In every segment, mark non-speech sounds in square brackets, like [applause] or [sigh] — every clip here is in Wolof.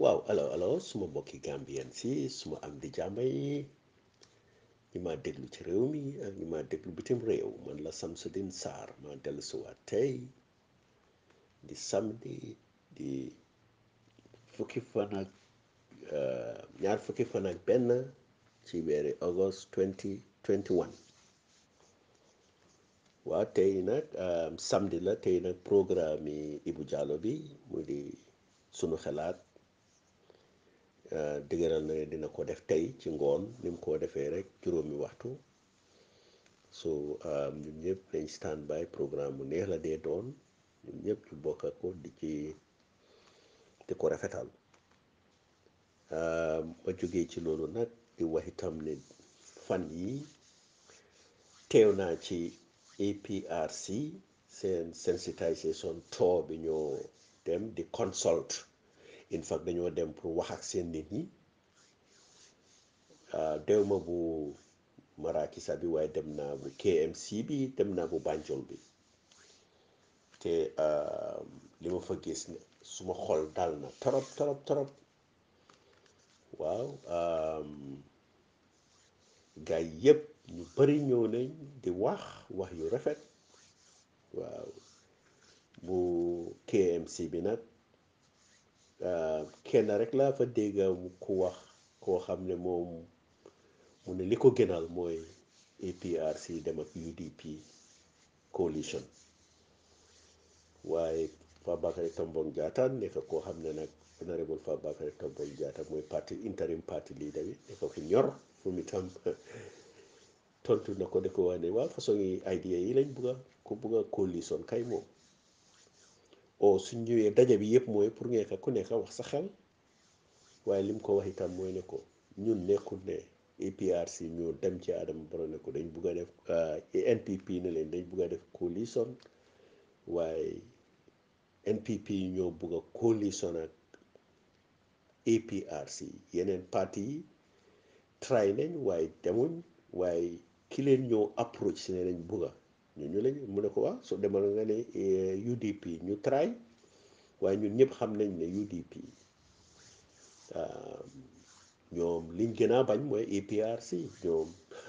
waaw alo alo suma mbokki gambien si suma am di jàmba yi ñi ma déglu ci réew mi ak ñi ma déglu bitim réew man la Samsudeen Sarr ma dellu suwaat tey di samedi di fukki fan ak uh, ñaar fukki fan ak benn ci weeri august 2021 waa tey nag um, samdi la tey nag programme yi bu Jallow bi mu di sunu xalaat Euh, diggéral na dina ko def tey ci ngoon ni mu ko defee rek juróomi waxtu so um, ñun ñëpp dañ stand programme bu neex la dee doon ñun ñëpp ñu bokk ko di ci di ko rafetal um, ma jógee ci loolu nag di wax itam ne fan yi teew naa ci APRC seen sensitisation tour bi ñoo dem di consult in fact dañoo dem pour wax ak seen nit ñi ah, dew ma bu marakisa bi waaye dem naa bu KMC bi dem naa bu banjol bi te ah, li ma fa gis ne suma xol dal na torop torop torop waaw gaay yépp ñu bari ñëw nañ di wax wax yu rafet waaw bu KMC bi nag Euh, kenn rek laa fa dégg ku wax koo xam ne moom mu ne li ko gënaal mooy APRC dem ak UDP coalition waaye Fabakary Tombong Jatta nekk koo xam ne nag honorable Fabakary Tombong Jatta mooy parti interim parti leader bi nekk ko ñor fu mu tam [laughs] tontu na ko de ko wax ne waaw façon yi idea yi lañ bugga ku bugga coalition kay moom suñ ñëwee daje bi yëpp mooy pour ngeen ku nekk wax sa xel waaye lim ko wax itam mooy ne ko ñun nekkul ne APRC ñu dem ci Adama Barrow ne ko dañ bugg a def euh, NPP ne leen dañ bugg a def coalition waaye NPP ñoo bugg a coalition ak APRC yeneen parti yi try nañ waaye demuñ waaye ki leen ñoo approach si ne lañ bugg ñooñu lañ mu ne ko waa su demal nga ne eh, UDP ñu try waaye ñun ñëpp xam nañ ne UDP ah, ñoom liñ gën a bañ mooy APRC ñoom [laughs]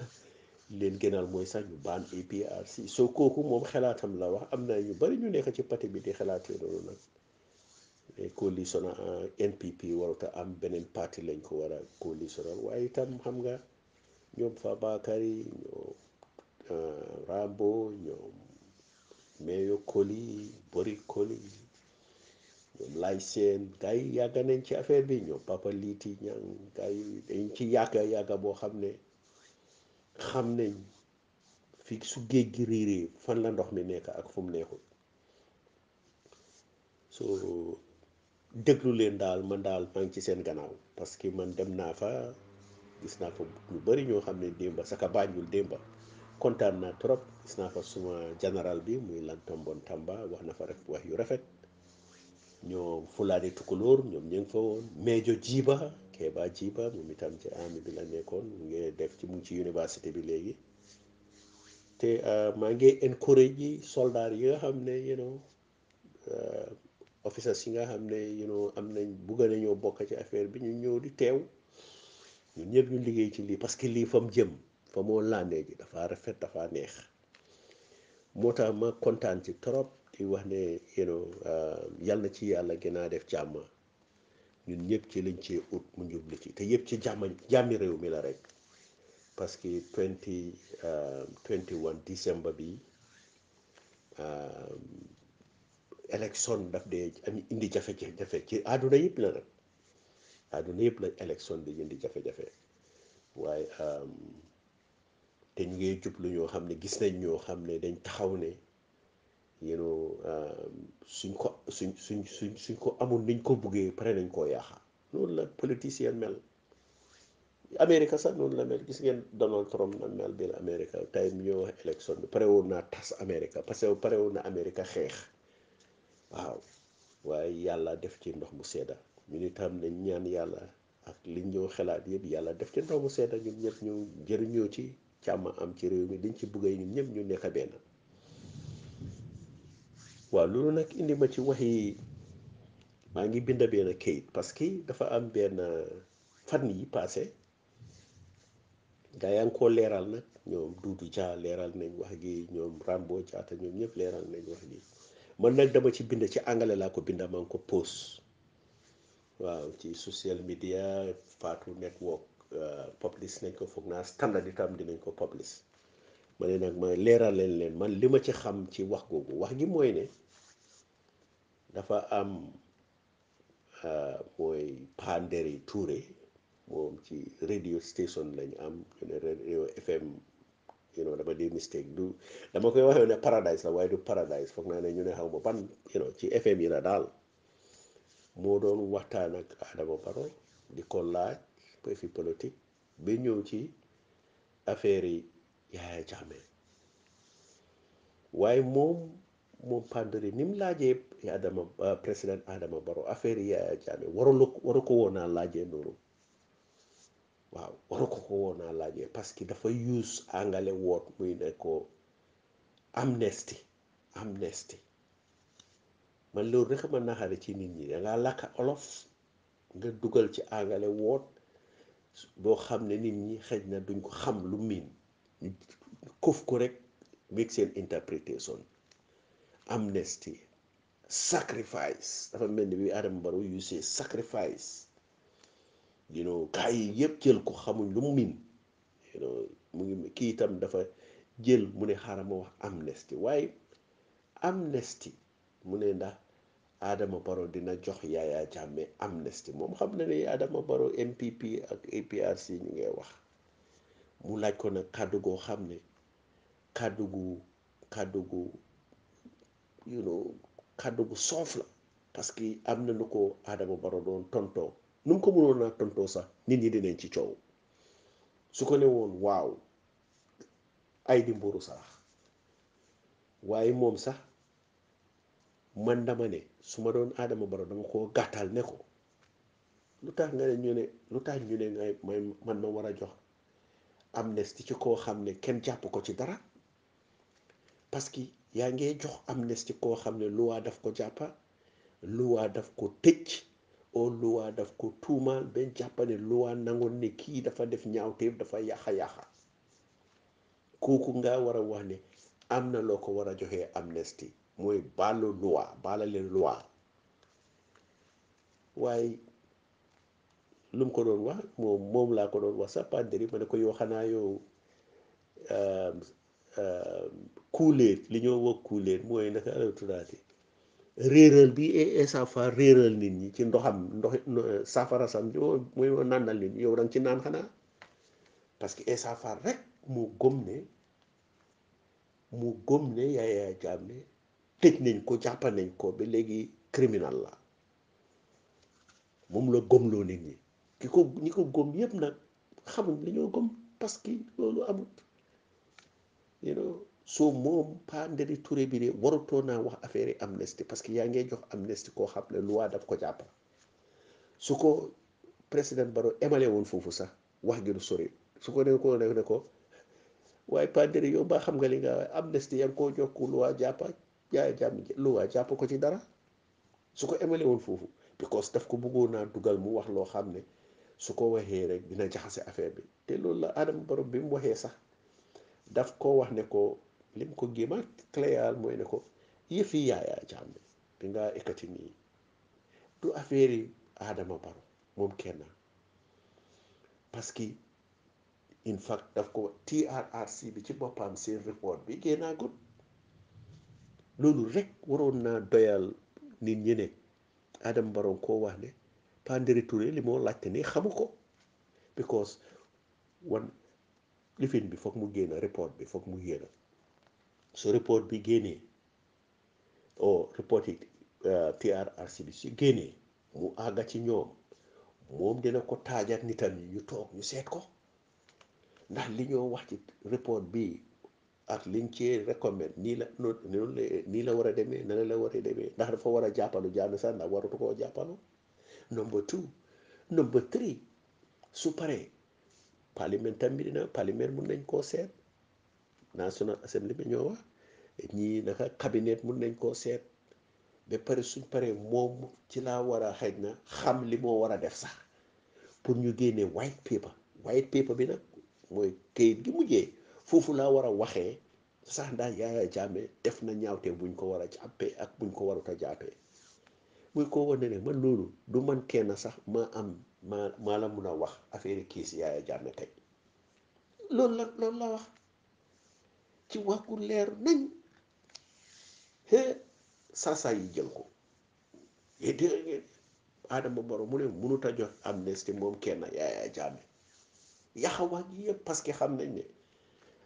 leen gënal mooy sax ñu baan APRC soo kooku moom xalaatam la wax am na ñu bari ñu nekk ci parti bi di xalaatee loolu nag eh, coalition eh, NPP waruta am beneen parti lañ ko war a coalition waaye itam xam nga ñoom Fabakary Euh, Rabo ñoom Meyo Koli Bori ñoom Laay Seen gars yàgg nañ ci affaire bi ñoom Papa Liiti ñang gars dañ ci yàgga yàgga boo xam ne xam nañ fi su géej gi réeree fan la ndox mi nekk ak fu mu neexul soo déglu leen daal man daal maa ci seen gannaaw parce que man dem naa fa gis naa fa lu bari ñoo xam ne démba saka bàññul démba kontaan naa trop gis naa fa suma général bi muy Lantombon Tamba wax na fa rek wax yu rafet ñoo fulaani tukulóor ñoom ñu ngi fa woon Mejo Jiiba Keba Jiiba moom itam ci army bi la nekkoon mu ngi def ci mu ngi ci université bi léegi te euh, maa ngi encourage yi soldaar yi nga xam ne you know euh, officers yi nga xam ne you know am nañ bugg nañoo bokk ci affaire bi ñu ñëw di teew ñun ñëpp ñu liggéey ci lii parce que lii fa mu jëm fa moo làndee ji dafa rafet dafa neex moo tax ma kontaan ci trop di wax ne you know uh, yal ci yàlla gën a def jàmm ñun ñëpp ci lañ ci ut mu njubli ci te yëpp ci jàmm jàmmi réew mi la rek parce que twenty uh, twenty one décembre bi élection uh, daf dee indi jafe-jafe ci àdduna yëpp la nag àdduna yëpp la élection di indi jafe-jafe waaye um, te ñu ngi jublu ñoo xam ne gis nañ ñoo xam ne dañ taxaw ne um, suñ ko suñ suñ suñ suñ ko amul niñ ko buggee pare nañ koo yaaxa noonu la politicien mel Amérique sax noonu la mel gis ngeen Donald Trump na mel biir Amérique tey mu ñëw bi pare woon naa tas Amérique parce que pare woon na Amérique xeex waaw waaye yàlla def ci ndox mu sedda ñu ni tam nañ ñaan yàlla ak liñ ñëw xalaat yëpp yàlla def ci ndox mu sedda ñun ñëpp ñu jëriñoo ci jàmm am ci réew mi dañ ci bëgg ñu ñëpp ñu nekk benn waaw loolu nag indi ma ci waxi maa ngi bind benn kayit parce que dafa am benn fan yi passé gaa yaa ngi koo leeral nag ñoom Duudu Jaa leeral nañ wax gi ñoom Rambo Jaata ñoom ñëpp leeral nañ wax gi man nag dama ci bind ci àngale laa ko binda maa ngi ko post waaw ci social media Fatu Network Euh, publish nañ ko foog naa standard itam dinañ ko publish ma ne nag ma leeral leen leen man li ma ci xam ci wax googu wax gi mooy ne dafa am euh, mooy Panderi Touré moom ci radio station lañ am ñu ne radio FM you dama di mistake du dama koy waxee ne paradise la waaye du paradise foog naa ne ñu ne xaw ma ban you ci FM yi la daal moo doon waxtaan ak Adama Barrow di ko préfet politique ñëw ci affaire yi Yaya Jammeh waaye moom moom Pandor euh, parce que dafa use àngale woot muy ne amnesty amnesty man loolu rek ma naxare ci nit ñi da ngaa olof nga dugal ci angale woot boo xam ne nit ñi xëj na duñ ko xam lu miin kof ko rek beeg seen interprétation amnesty sacrifice dafa mel ni bi Adama Barrow you sacrifice you know gaa yi yëpp jël ko xamuñ lu mu miin you know mu ngi kii itam dafa jël mu ne xaaral ma wax amnesty waaye amnesty mu ne ndax Adama Barrow dina jox Yaya Jammeh amnesty moom xam na ne Adama Barrow MPP ak APRC ñu ngay wax mu laaj ko nag kàddu goo xam ne kàddu gu kàddu gu you know gu soof la parce que am na nu ko Adama Barrow doon tontoo nu mu ko mënoon naa tontoo sax nit ñi dinañ ci coow su ko ne woon waaw ay di mburu sax waaye moom sax man dama ne su ma doon aadama Barrow dama koo gàttal ne ko lu tax nga ne ñu ne lu tax ñu ne ngay may man ma war a jox amnesty ci koo xam ne kenn jàpp ko ci dara parce que yaa ngee jox amnesty koo xam ne lu waa daf ko jàppa waa daf ko tëj oo luwaa daf ko tuumaal benn jàppa ne luwaa nangoon ne kii dafa def ñaawteef dafa yàqa-yàqa kooku nga war a wax ne am na loo ko war a joxee amnesty mooy baalu loi baala loi waaye lu mu ko doon wax moom moom laa ko doon wax sa pandéri ma ne ko yow xanaa yow euh, euh, kuuleet li ñoo wax kuuleet mooy naka la tuddaati réeral bi esafa réeral nit ñi ci ndoxam ndox safara sam mooy nàndal ci naan xanaa parce que esafa rek mu gëm ne mu gëm ne tej nañ ko jàppa nañ ko ba léegi criminal la moom la gomloo nit ñi ki ko ñi gom yépp nag xamuñ gom parce que loolu amut you know soo moom pas ndari touré bi de aferi naa wax affaire yi amnesty parce que yaa ngee jox amnesty koo xam ne loi daf ko jàpp su ko président baro émale woon foofu sax wax gi du sori su ko ne ko ne ko waaye pas yow ba xam nga li nga amnesty yaa ngi koo jox ku loi jaay jàmm jàpp ko ci dara su ko emale woon foofu because daf ko bëggoon naa dugal mu wax loo xam ne su ko waxee rek dina jaxase affaire bi te loolu la Adama bi mu waxee sax daf ko wax ne ko lim ko gémma clair mooy ko yëfi yaayaa jàmme bi ekkati nii du affaire yi Adama Barrow moom kenn parce que in fact daf ko TRRC bi ci boppam seen report bi génnaagut loolu rek waroon naa doyal nit ñi ne Adama Barrow koo wax ne Panderi li moo laajte ne xamu ko because wan lifin bi foog mu génn report bi foog mu génn su report bi génnee o report yi uh, TRRC bi su génnee mu àgga ci ñoom moom dina ko taajat nitam yi ñu toog ñu seet ko ndax li ñoo wax ci report bii ak liñ ci recommande nii la noonu nii la war a demee na la war a demee ndax dafa war a jàppalu jaanu sax ndax waratu koo jàppalu number two number three su paree parlement tam bi dina parlement mun nañ koo seet naa national assembly bi ñoo wax ñii naka cabinet mun nañ koo seet ba pare suñ paree moom ci laa war a xëj na xam li moo war a def sax pour ñu génnee white paper white paper bi nag mooy kayit gi mujjee foofu laa war a waxee sax ndax Yaya Jammeh def na ñaawte buñ ko war a jàppee ak buñ ko warut a jàppee muy ko wane ne man loolu du man kenn sax ma am maa maa a wax affaire kiis Yaya Jammeh tey loolu la wax ci wax ku leer nañ yi jël ko Adama Barrow mu ne mënut a jot amnistie moom kenn Yaya Jammeh yaxawaat yëpp parce que xam nañ ne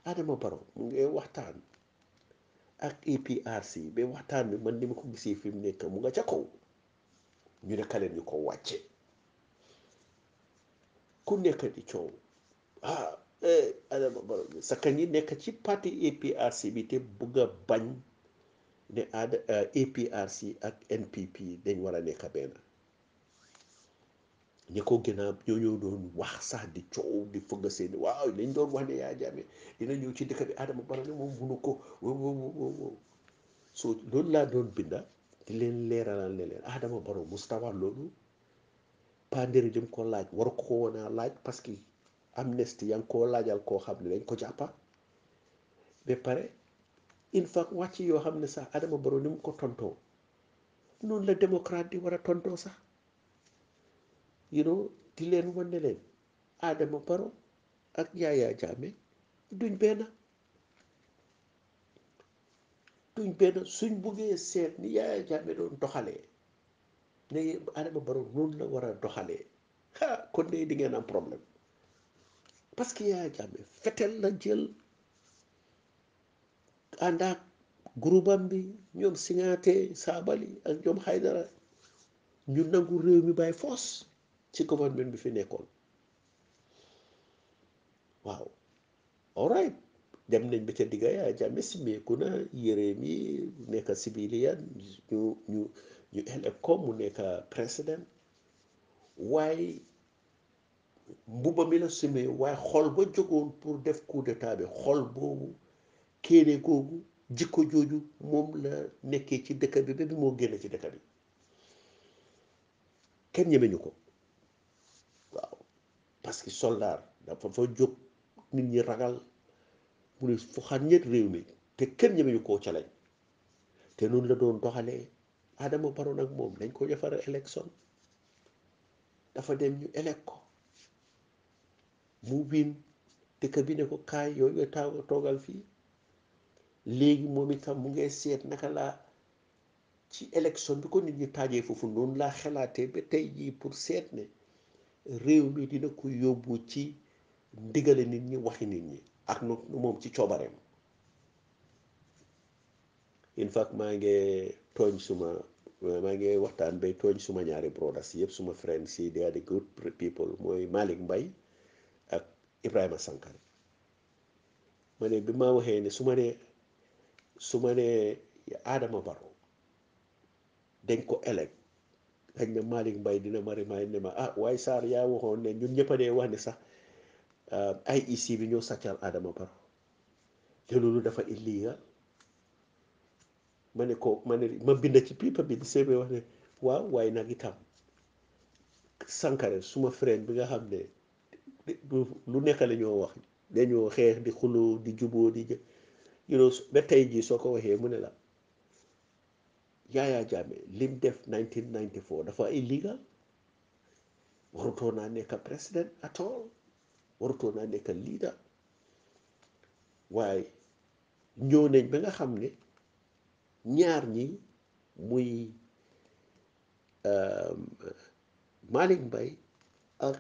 Adama Barrow mu ngi waxtaan ak APRC e ba waxtaan bi man ni ma ko gisee fi mu nekk mu nga ca kaw ñu ne kaleen ñu ko wàcce ku nekk di coow ah eh, Adama Barrow sa kañ yi nekk ci parti APRC e bi te bëgg a bañ ne ad APRC eh, e ak NPP dañ war a nekk benn ñi ko gën a yooyu doon wax sax di coow di fëgg seen waaw lañ doon wax ne yaa jaame dina ñëw ci dëkk bi Adama Barrow moom munu ko soo loolu di leen leeralal leen Adama Barrow mustawa loolu pandéri lim ko laaj war ko woon a laaj parce que amnesty yaa ngi koo laajal koo xam ne dañ ko jàppa ba pare in fact wàcc yoo xam ne sax Adama Barrow ni mu ko tontoo noonu la démocrate di war a tontoo sax you di leen wane leen Adama Barrow ak Yaya Jammeh duñ benn duñ benn suñ buggee seet ni Yaya Jammeh doon doxalee ne Adama Barrow noonu la war a doxalee ha kon de di ngeen am problème parce que Yaya fetel la jël ànd groupam bi ñoom Singaate Saabali ak ñoom Haydara ñu nangu réew mi bàyyi foos ci gouvernement bi fi nekkoon waaw all right dem nañ ba ca digga Yaya Jammeh simeeku na yéreem yi nekk civilian ñu ñu ñu elect mu nekk président waaye mbuba mi la simee waaye xol ba jógoon pour def coup d'état bi xol boobu kéene googu jikko jooju moom la nekkee ci dëkk bi ba bi moo génn ci dëkk bi kenn ñemeñu ko parce que soldat dafa fa jóg nit ñi ragal mu ne foxaat ñett réew mi te kenn ñemeñu koo ca lañ te noonu la doon doxalee aadama Barrow nag moom dañ ko defaral élection dafa dem ñu élect ko mu win dëkk bi ne ko kaay yooyu nga taw fii léegi moom itam mu ngay seet naka laa ci élection bi ko nit ñi taajee foofu noonu laa xalaatee ba tey jii pour seet ne réew mi dina ko yóbbu ci ndigale nit ñi waxi nit ñi ak nu moom ci coobareem in fact maa ngi tooñ suma maa ngi waxtaan bay tooñ suma ñaari brothers yëpp suma friends yi they are the good people mooy Malick mbay ak Ibrahima Sankare ma ne bi ma waxee ne su ma ne su ma ne Adama Barrow dañ ko elect xëy na Malick Mbaye dina ma ne ma ah waaye Sarr yaa waxoon ne ñun ñëpp a wax ne sax ah, IEC bi ñoo sàccal Adama Barrow te loolu dafa illegal ma ne ko ma ne ma bind ci pipa bi di seebe wax ne waaw waaye nag itam Sankare suma frère bi nga xam ne lu nekk lañoo wax dañoo xeex di xuloo di juboo di jë ba tey jii soo ko waxee mu ne la. Yaya Jammeh lim def 1994 dafa illegal warutoo naa nekk président at all warutoo naa nekk leader waaye ñëw nañ ba nga xam ne ñaar ñi muy euh, Malick bay ak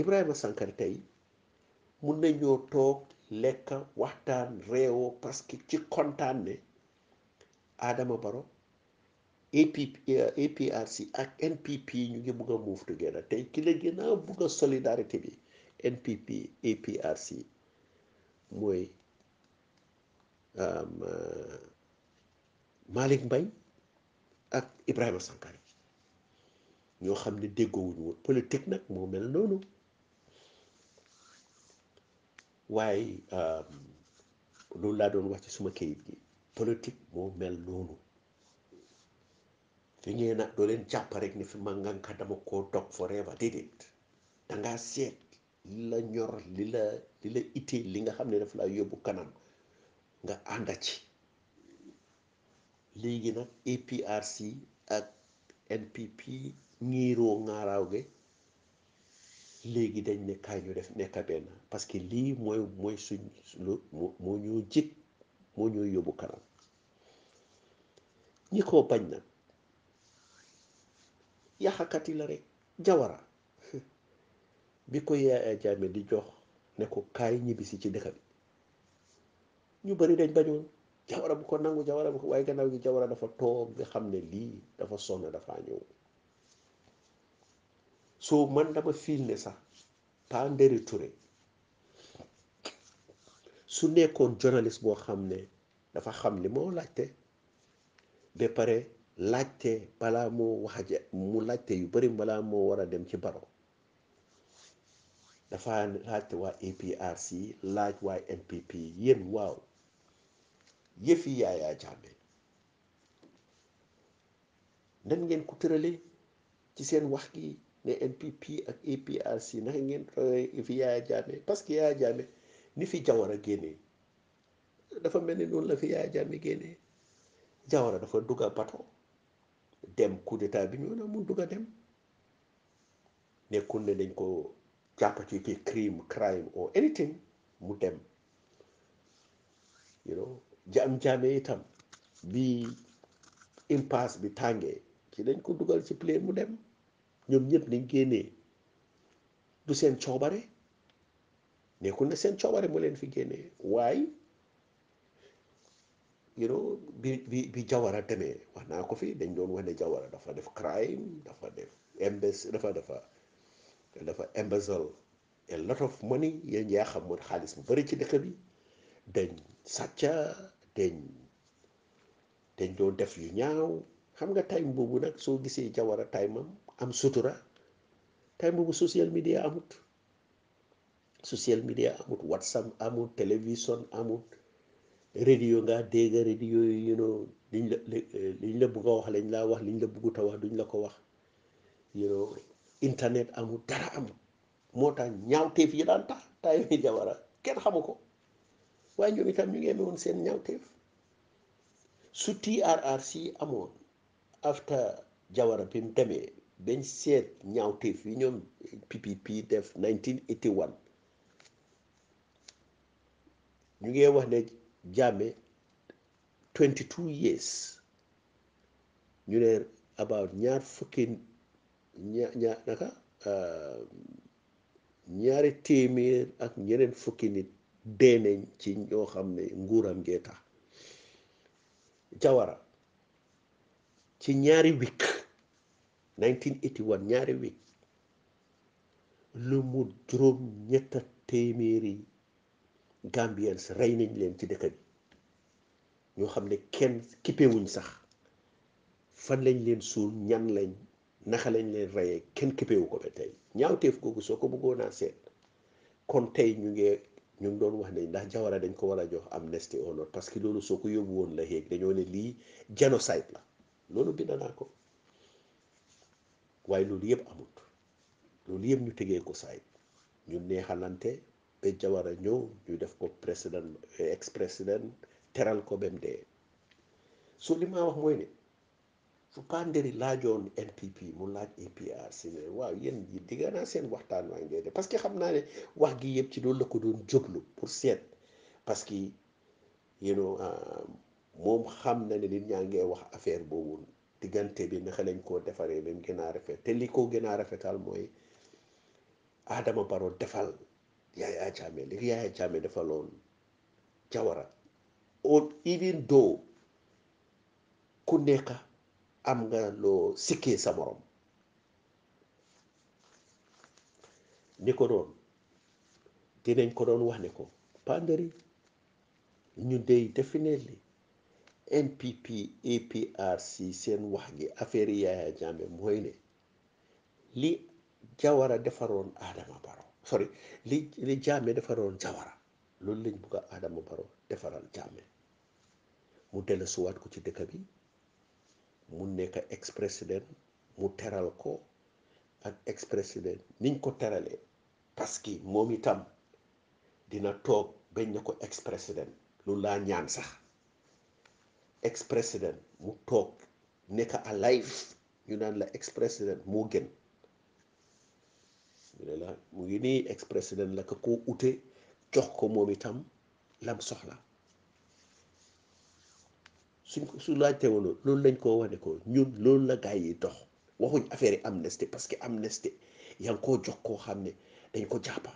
Ibrahima Sankare tey mun nañoo toog lekka waxtaan réewoo parce que ci kontaan ne Adama Barrow AP APRC ak NPP ñu ngi bugg a move together tey ki la gën a bugg solidarité bi NPP APRC mooy um, uh, Malick Mbaye ak Ibrahima Sankare ñoo xam ne déggoowuñu woon politique nag moo mel noonu waaye um, loolu laa doon wax ci suma kayit gi politique moo mel noonu. fi ngeen nag doo leen jàpp rek ni fi ma ngànka dama koo dog forever déedéet dangaa seet li la ñor li la li li nga xam ne daf laa yóbbu kanam nga ànda ci léegi nag APRC ak NPP ñiiroo ŋaaraaw ge léegi dañ ne kaay ñu def nekka benn parce que lii mooy mooy suñ moo ñu jik moo ñu yóbbu kanam ñi ko bañ nag yàqakat yi la rek jawara [laughs] bi ko yaaya jaame di jox ne ko kaay ñibbisi ci dëkk bi ñu bari dañ bañoon jawara bu ko nangu jawara bu ko waaye gannaaw gi jawara dafa toog nga xam ne lii dafa sonn dafa ñëw soo man dama fiil ne sax Paa Nderi Touré su nekkoon journaliste boo xam ne dafa xam li moo laajte ba laajte balaa moo wax ja mu laajte yu bari balaa moo war a dem ci baro dafa laajte waa APRC laaj waa NPP yéen waaw yëfi yaayaa jàmme nan ngeen ko tërale ci seen wax gi ne NPP ak APRC naka ngeen tërale yëfi parce que yaayaa jàmme ni fi jawara génnee dafa mel ni noonu la fi yaayaa jàmme génnee jawara dafa dugg a bato dem coup bi ñu ne mun dugg a dem nekkul ne dañ ko jàpp ci ci crime crime or anything mu dem you know jaam jaame itam bi impasse bi tàngee ci dañ ko dugal ci plane mu dem ñoom ñëpp nañ génnee du seen coobare nekkul na seen coobare mu leen fi génnee waaye you know bi bi bi Jawara demee wax naa ko fi dañ doon wax ne Jawara dafa def crime dafa def embes dafa dafa dafa embezzle a lot of money yéen yaa xam moon xaalis bu bari ci dëkk bi dañ sàcca dañ dañ doon def yu ñaaw xam nga time boobu nag soo gisee Jawara time am am sutura time boobu social media amut social media amut WhatsApp amut télévision amut radio nga dégg radio yi you liñ la liñ bugg a wax lañ laa wax liñ la buggut a wax duñ la ko wax you know internet amul dara amul moo tax ñaawteef yi daan tax taayuñu jawara kenn xamu ko waaye ñoom itam ñu ngi amee woon seen ñaawteef su TRRC amoon after jawara bi mu demee bañ seet yi ñoom PPP def 1981 ñu ngi wax ne. Jammeh twenty two years ñu ne about ñaar fukki ña naka um, ñaari téeméer ak ñeneen fukki nit dee ci ñoo xam ne nguuram ngee tax Jawara ci ñaari week 1981 ñaari week lu mu juróom ñetta téeméeri Gambiens rey nañ leen ci dëkk bi ñoo xam ne kenn kippewuñ sax fan lañ leen suul ñan lañ naka lañ leen reyee kenn kippewu ko ba tey ñaawteef googu soo ko bëggoon a seet kon tey ñu ngi ñu ngi doon wax ne ndax Jawara dañ ko war a jox amnesty or not parce que loolu soo ko yóbbu woon la xéeg dañoo ne lii génocide la loolu bi naa ko waaye loolu yëpp amut loolu yëpp ñu tegee ko saay ñu neexalante Béja war ñëw ñu def ko président eh, ex président teral ko bem dee so li ma wax mooy ne su Panderi laajoon NPP mu laaj APRC ne waaw yéen yi digga naa seen waxtaan waa ngeen de parce que xam naa ne wax gi yëpp ci loolu la ko doon jóglu pour seet parce que you ah, xam na ne nit ñaa ngee wax affaire boobu diggante bi naka lañ koo defaree même gën a rafet te li ko gën a rafetal mooy aadama Barrow defal. Yaya Jammeh li Yaya Jammeh defaloon Jawara or even though ku nekk am nga loo sikkee sa morom ni ko doon dinañ ko doon wax ne ko Panderi ñu dey definitely NPP APRC seen wax gi affaire Yaya Jammeh mooy ne li Jawara defaroon Adama Barrow sorry li li jaame defaroon jawara loolu lañ bugg a Adama Baro defaral jàmme mu dellusiwaat ko ci dëkk bi mu nekk ex président mu teral ko ak ex président niñ ko teralee parce que moom itam dina toog bañ na ko ex président lu laa ñaan sax ex président mu toog nekk alive ñu naan la ex président moo gën. ñu ne la mu ngi nii ex président la ko koo ute jox ko moom itam lam soxla suñ ko su laajte woon loolu lañ koo wane ko ñun loolu la gaay dox waxuñ affaire yi amnistie parce que amnistie yaa ngi koo jox koo xam ne dañ ko jàppa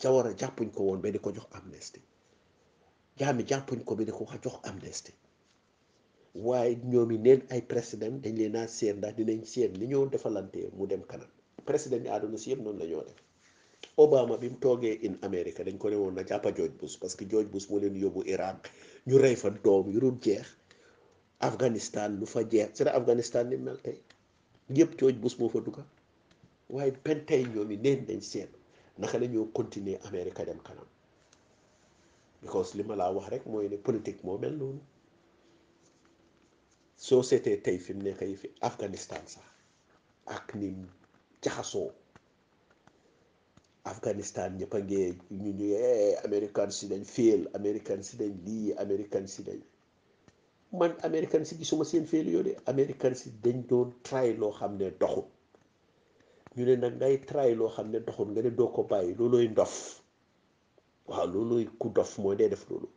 Jawara jàppuñ ko woon ba di ko jox amnistie jaami jàppuñ ko ba di ko jox amnistie waaye ñoomi neen ay président dañ leen a seet ndax dinañ seet li ñoo defalante mu dem kanam président bi àdduna si yëpp noonu la ñoo def Obama bi mu toogee in America dañ ko ne woon na jàppa George Bush parce que George Bush moo leen yóbbu Iraq ñu rey fa doom yu dul jeex Afghanistan lu fa jeex c'est Afghanistan ni mel tey yëpp George waaye benn tey yi neen nañ seen naka la ñoo continuer America dem kanam because li ma laa wax rek mooy ne politique moo mel noonu soo seetee tey fi mu nekk yi fi Afghanistan sax ak ni jaxasoo Afghanistan ñëpp a ngee ñu ñu eh, américain si dañ féel américain si dañ lii américain si dañ seen féel yoo de américain si dañ doon try loo xam ne doxul ñu ne nag ngay try loo xam ne doxul nga ne doo ko bàyyi loolooy ndof waaw loolu ku dof mooy dee def loolu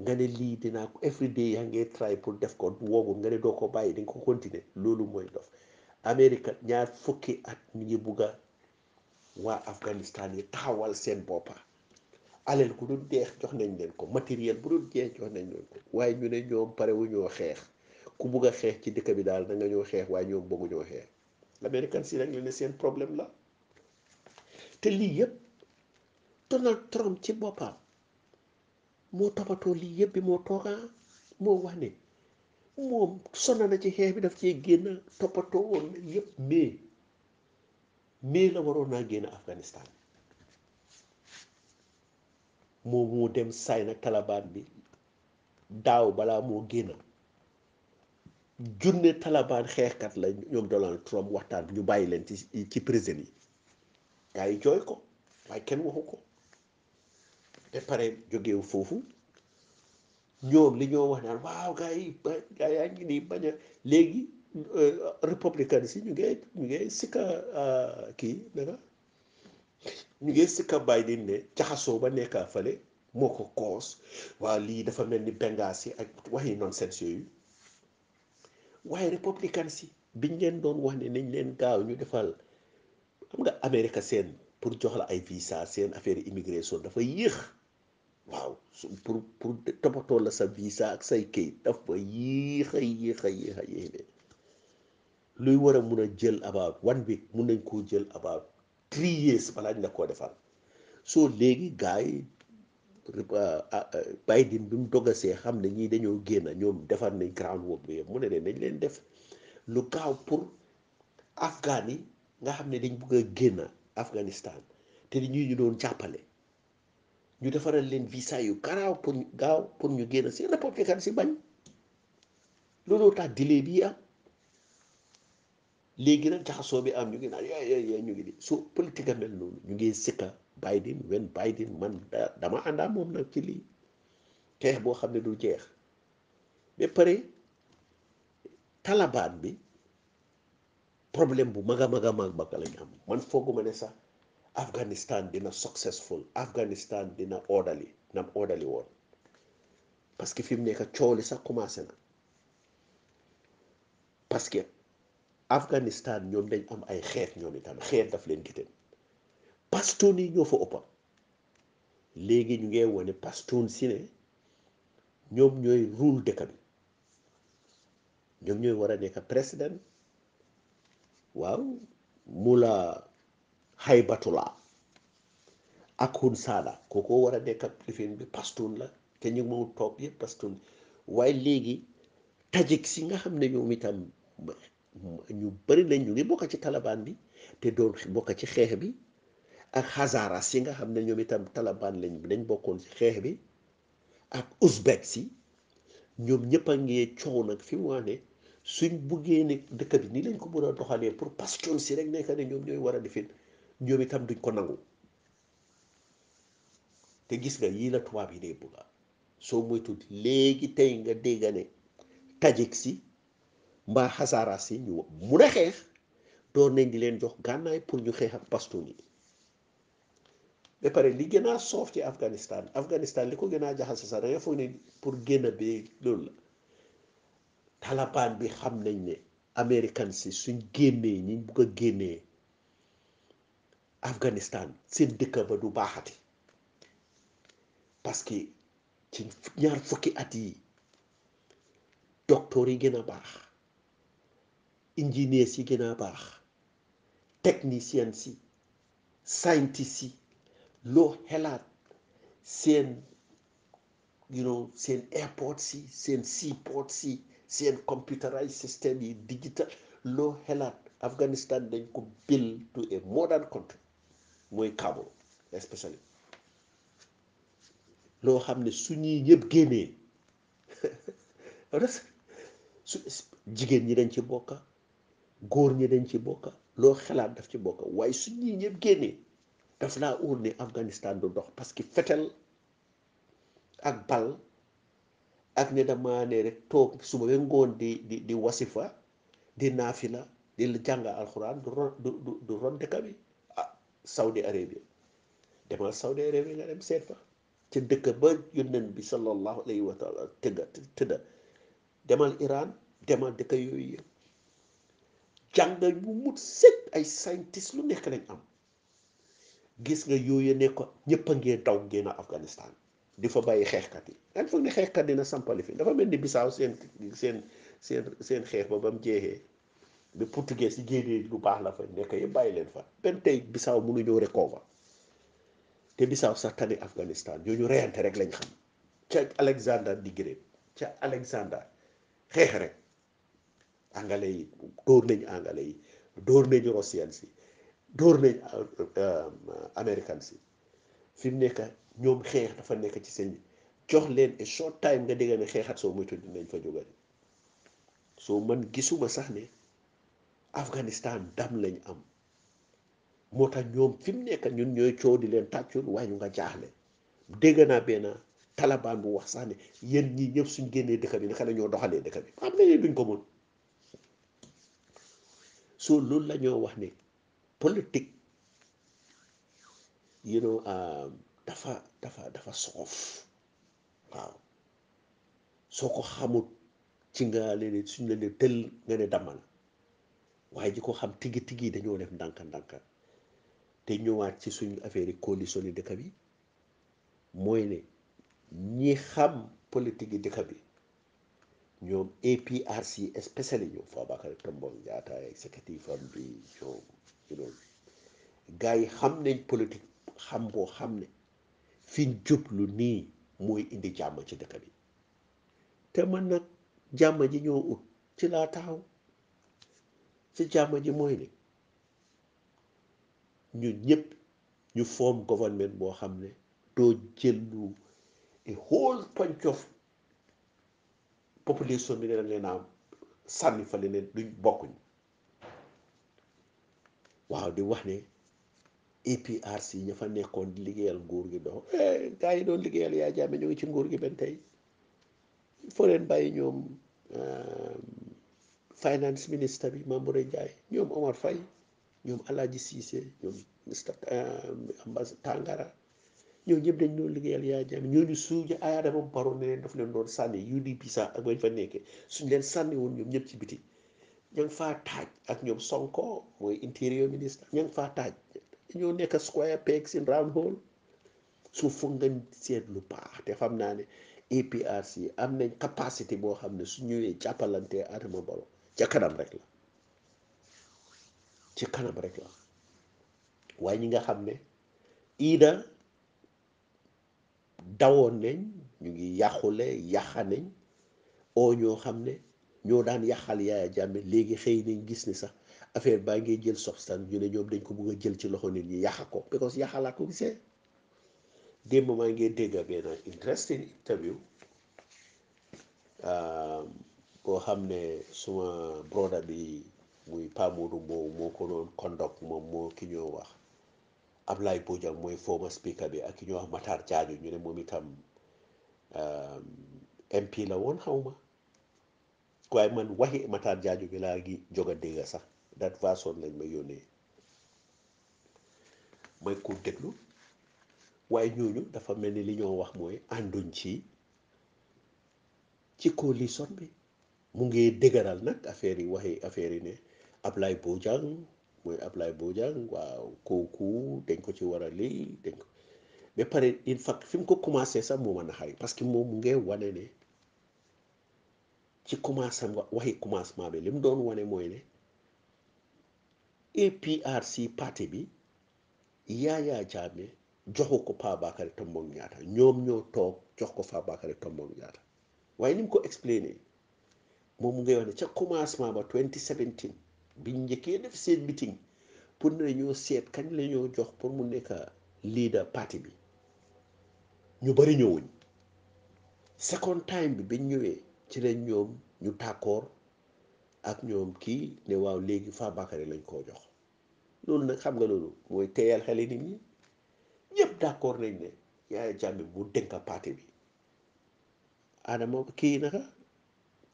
nga ne lii dinaa ko every day yaa ngee try pour def ko woogu nga ne doo ko bàyyi di ko continuer loolu mooy ndof Amérique ñaar fukki at mi ngi bugga waa Afghanistan yi taxawal seen boppa alal ku dul deex jox nañ leen ko matériel bu dul jeex jox nañ leen ko waaye ñu ne ñoom pare wu xeex ku bugg a xeex ci dëkk bi daal da nga ñoo xeex waaye ñoom bëggu ñoo xeex l'américain si rek la ne seen problème la te lii yëpp Donald Trump ci boppam moo toppatoo lii yëpp bi moo toogaa moo wax ne moom sonn na ci xeex bi daf cee génn toppatoo woon yëpp mais mais la waroon naa génn Afghanistan moom moo dem saay na talabaan bi daaw balaa moo génn junne talabaan xeexkat la ñoom Donald Trump waxtaan ñu bàyyi leen ci ci prison yi gars jooy ko waaye kenn waxu ko te pare jógewu foofu ñoom li ñoo wax naan waaw gars yi gars yaa ngi nii bañ a léegi euh, républicain si ñu ngi ñu sikka kii naka ñu ngi sikka Biden ne jaxasoo ba nekkaa fale moo ko koos waaw lii dafa mel ni bengaas yi ak waxi nonsense yooyu waaye républicain si biñ leen doon wax ne nañ leen gaaw ñu defal xam nga Amérique seen pour jox la ay visa seen affaire immigration dafa yéex. waaw su pour pour toppatoo la sa visa ak say kayit dafa yéex xay yéex a yéex luy war a mun a jël about one week mun nañ koo jël about three years balaa ñu koo defal soo léegi gars yi uh, uh, Biden bi mu dogasee xam ne ñii dañoo génn ñoom defar nañ ground work bi mu ne ne dañ leen def lu gaaw pour afghan nga xam ne dañ bëgg a génn Afghanistan te ñi ñu doon jàppale. ñu defaral leen visa yu garaaw pour ñu gaaw pour ñu génn si n'importe kan si bañ looloo tax délai bi am léegi nag jaxasoo bi am ñu ngi naan yooyu ñu ngi di su politique a mel noonu ñu ngi sikka Biden wen Biden man dama àndaa moom nag ci lii teex boo xam ne du jeex ba pare talabaan bi problème bu mag a mag a mag ba lañ am man fooguma ne sax. Afghanistan dina successful Afghanistan dina orderly nam orderly woon parce que fi mu nekk coow li sax commencé na parce que Afghanistan ñoom dañ am ay xeet ñoom itam xeet daf leen gitteen pastoon yi ñoo fa ëppa léegi ñu ngee wone pastoon si ne ñoom ñooy rule dëkk bi ñoom ñooy war a nekk président waaw mula xaybatula akun saada kooku war a nekk ak lifin bi pastun la te ñu ngi moom toog yëpp pastun waaye léegi tajik si nga xam ne ñoom itam ñu bëri nañ ñu ngi bokk ci talabaan bi te doon bokk ci xeex bi ak xazaara si nga xam ne ñoom itam talabaan lañ dañ bokkoon ci xeex bi ak uzbek si ñoom ñëpp a ngi coow nag fi mu waane suñ buggee ne dëkk bi nii lañ ko mën a doxalee pour pastun si rek nekk ne ñoom ñooy war a defin ñoom itam duñ ko nangu te gis nga yii la tubaab yi day bugga soo moytuwul léegi tey nga dégg ne tajik si mbaa xasaara si ñu mun a xeex doon nañ di leen jox gànnaay pour ñu xeex ak pastun yi ba pare li gën a soof ci Afghanistan Afghanistan li ko gën a jaxase sax da nga foog ne pour génn bi loolu la Taliban bi xam nañ ne américain si suñ génnee ñi bugg a génnee. Afghanistan seen dëkk ba du baaxati parce que ci ñaar fukki at yi docteur yi gën a baax ingénieurs yi gën a baax technicien si scientist yi loo xelaat seen you know seen airport si seen seaport si computerized system yi digital loo xelaat Afghanistan dañ ko build to a modern country mooy kabo especially loo xam ne su ñuy ñëpp génnee [laughs] jigéen ñi dañ ci bokka góor ñi dañ ci bokka loo xalaat daf ci bokka waaye su ñuy ñëpp génnee daf laa uur ne Afghanistan du dox parce que fetel ak bal ak ne damaa ne rek toog suba ba ngoon di di di wasifa di naafila di jàng alxuraan du ron du bi Saudi Arabia demal Saudi Arabia nga dem seet fa ci dëkk ba yónneen bi sallallahu alayhi wa taala tëgga tëdda demal Iran demal dëkk yooyu yëpp jàngal bu mut set ay scientist lu nekk lañ am gis nga yooyu ne ko ñëpp a ngee daw génn Afghanistan di fa bàyyi xeexkat yi dañ foog ne xeexkat dina sampali fi dafa mel ni bisaaw seen seen seen seen xeex ba bam mu jeexee bi portugais yi génnee lu baax la fa nekk yëpp bàyyi leen fa benn tey Bissau mënuñoo récover te Bissau sax tane Afghanistan ñooñu reyante rek lañ xam ca Alexander di Great ca Alexander xeex rek angale yi dóor nañ angale yi dóor nañ Russian si dóor nañ euh, American si fi mu nekk ñoom xeex dafa nekk ci seen jox leen et short time nga dégg xeexat soo moytu dinañ fa jógale soo man gisuma sax ne. Afghanistan dam lañ am moo tax ñoom fi mu nekk ñun ñooy coow di leen tàccul waaye ñu nga jaaxle dégg naa benn talibaan bu wax sax ne yéen ñii ñëpp suñ génnee dëkk bi naka la ñoo doxalee dëkk am nañu duñ ko mën soo loolu la ñoo wax ni politique you know um, dafa dafa dafa soof waaw soo ko xamut ci nga leen suñ la ne tël nga ne damm na waaye ji ko xam tigi tigi yi dañoo def ndànk ndànk te ñëwaat ci suñu affaire yi condition yi dëkk bi mooy ne ñi xam politique yi dëkk bi ñoom APRC especially ñoom Fabakary Tombong Jatta executive am bi ñoom ñoom gars yi xam nañ politique xam boo xam ne fi jublu nii mooy indi jàmm ci dëkk bi te mën nag jàmm ji ñoo ut ci laa taxaw. ci jàmm ji mooy ni ñun ñëpp ñu form government boo xam ne doo jël a whole bunch of population bi ne dañ leen am sànni fa leen duñ bokkuñ waaw di wax ne APRC ña fa nekkoon di liggéeyal nguur gi dox eh, gaa yi doon liggéeyal yaa jaame ñu ngi ci nguur gi benn tey foo leen bàyyi ñoom euh, finance minister bi Mamour Ndiaye ñoom Omar Faye ñoom Alaaji Cissé ñoom ministre euh, ambas Tangara ñoo ñëpp dañ doon liggéeyal yaa jàmm ñooñu suñu Adama Barrow ne leen daf leen doon sànni UDP sax ak bañ fa nekkee suñ leen sànni woon ñoom ñëpp ci biti ña ak ñoom Sonko mooy interior ministre ña faa taaj ñoo nekk square peg seen round hole su foog nga seet lu baax te xam naa ne APRC am nañ capacité boo xam ne su ñëwee jàppalante Adama Barrow ca kanam rek la ca kanam rek la waaye ñi nga xam ne iida dawoon nañ ñu ngi yàqule yàqa nañ oo ñoo xam ne ñoo daan yàqal yaaya jàmme léegi xëy nañ gis ni sax affaire baa ngi jël substance ñu ne ñoom dañ ko bëgg a jël ci loxo nit ñi yàq ko because yàqalaat ko gisee démb maa ngi dégg benn interesting interview um, koo xam ne suma broda bi muy pamudu mbow moo ko doon kondok moom moo ki ñoo wax Ablaye Bojang mooy former speaker bi ak ki ñoo wax Matar Jaajo ñu ne moom itam MP um, la woon xawma waaye man waxi Matar Jaajo bi laa gi jóg a dégg sax dat façon lañ ma yónnee may ko déglu waaye ñooñu dafa mel ni li ñoo wax mooy ànduñ ci ci coalition bi mu ngi dëgëral nag affaire yi waxi affaire yi ne Ablaye Bojang mooy Ablaye Bojang waaw kooku dañ ko ci war a lii dañ ko ba pare in fact fi mu ko commencé sax moo ma naxari parce que moom mu ngi wane ne ci commencé waxi commencement bi li mu doon wane mooy ne APRC parti bi Yaya Jammeh joxu ko Paa Bakary Tombong ñoom ñoo toog jox ko Paa Bakary Tombong waaye ni ko expliqué. moom mu ngay wax ne ca commencement ba 2017 biñ njëkkee def seen meeting pour ne ñoo seet kañ la ñoo jox pour mu nekk leader parti bi ñu bari ñëwuñ second time bi biñ ñëwee ci lañ ñoom ñu tàkkoor ak ñoom kii ne waaw léegi Fabakary lañ koo jox loolu nag xam nga loolu mooy teeyal xel nit ñi ñëpp d'accord nañ ne Yaya Jammeh mu dénk parti bi Adama kii naka.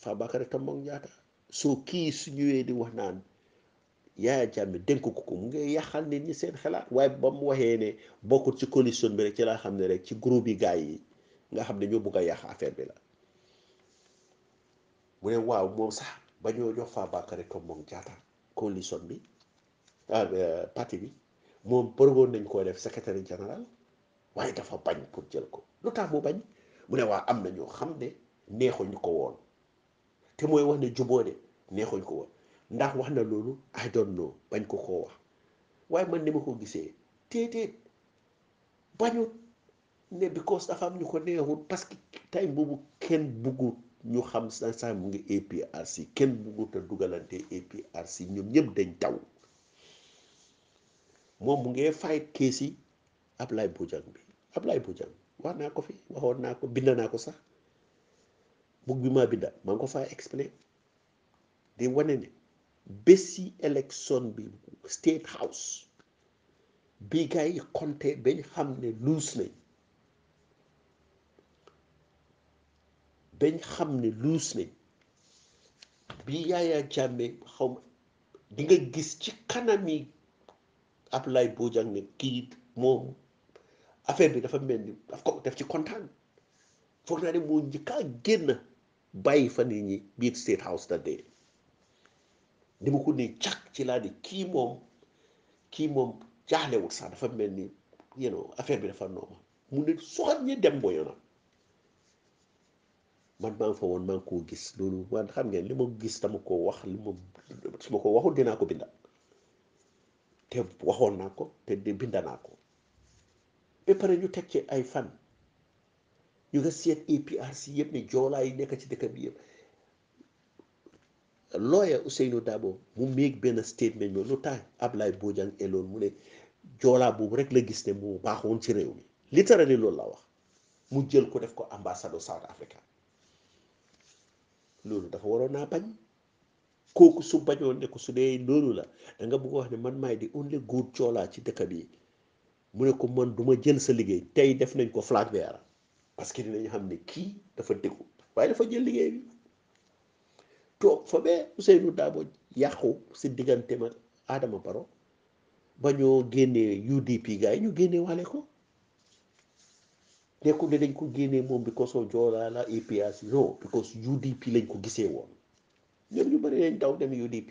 Fabakary Tombong Jatta soo kii su ñëwee di wax naan Yaya Jammeh dénk ko ko mu ngi yàqal nit ñi seen xalaat waaye ba mu waxee ne bokkul ci coalition bi rek ci laa xam ne rek ci groupe yi gars yi nga xam ne ñoo a yàq affaire bi la mu waaw moom sax ba ñoo jox Fabakary Tombong Jatta bi ah, euh, parti bi moom bëggoon nañ koo def secrétaire général waaye dafa bañ pour jël ko lu tax mu bañ mu ne waa am na ñoo xam ne ñu ko woon. te mooy wax ne juboo de neexuñ ko woon ndax wax na loolu I don't know bañ ko koo wax waaye man ni ma ko gisee téetéet bañut ne because dafa am ñu ko neexut parce que time boobu kenn buggut ñu xam sa sax mu ngi APRC kenn buggut a dugalante APRC ñoom ñëpp dañ taw moom mu ngee fight case yi Ablaye Bojang bi Ablaye Bojang wax naa ko fi waxoon naa ko bind naa ko sax bug bi maa binda maa ngi ko faa explain di wane ne bési élection bi state house bi gars yi compté bañ xam ne luus nañ bañ xam ne luus nañ bi Yaya Jammeh xaw ma di nga gis ci kanami Ablaye Bojang ne kii moom affaire bi dafa mel ni daf ko def ci kontaan foog naa ne moo njëkk génn bàyyi fa nit ñi biir state house da dee ni ma ko ne càkk ci laa ne kii moom kii moom jaaxlewul sax dafa mel ni you know affaire bi dafa nooma mu ne soxat ñi dem ba yoonam man maa ngi fa woon maa ngi koo gis loolu man xam ngeen li ma gis dama ko wax li ma su ma ko waxul dinaa ko binda te waxoon naa ko te binda naa ko ba ñu teg ci ay fan ñu nga seet APRC yëpp ne joolaa yi nekk ci dëkk bi yëpp lawyer Ousseynou Dabo mu make benn statement moom lu tax Ablaye Bojang eloon mu ne joolaa boobu rek la gis ne mu baaxoon ci réew mi littéralement loolu la wax mu jël ko def ko ambassadeur South Africa loolu dafa waroon naa bañ kooku su bañoon ne ko su dee loolu la da nga bëgg wax ne man may di only good joolaa ci dëkk bi mu ne ko man duma jël sa liggéey tey def nañ ko flag bearer parce que dinañ xam ne kii dafa déglu waaye dafa jël liggéey bi toog fa bee Ousseynou Dabo yàqu si diggante ak Adama Baro ba ñoo génnee UDP gars yi ñu génnee waale ko nekkul dañ ko génnee moom because of Joolaa la APRC e non because UDP lañ ko gisee woon ñoom ñu bëri dañ daw dem UDP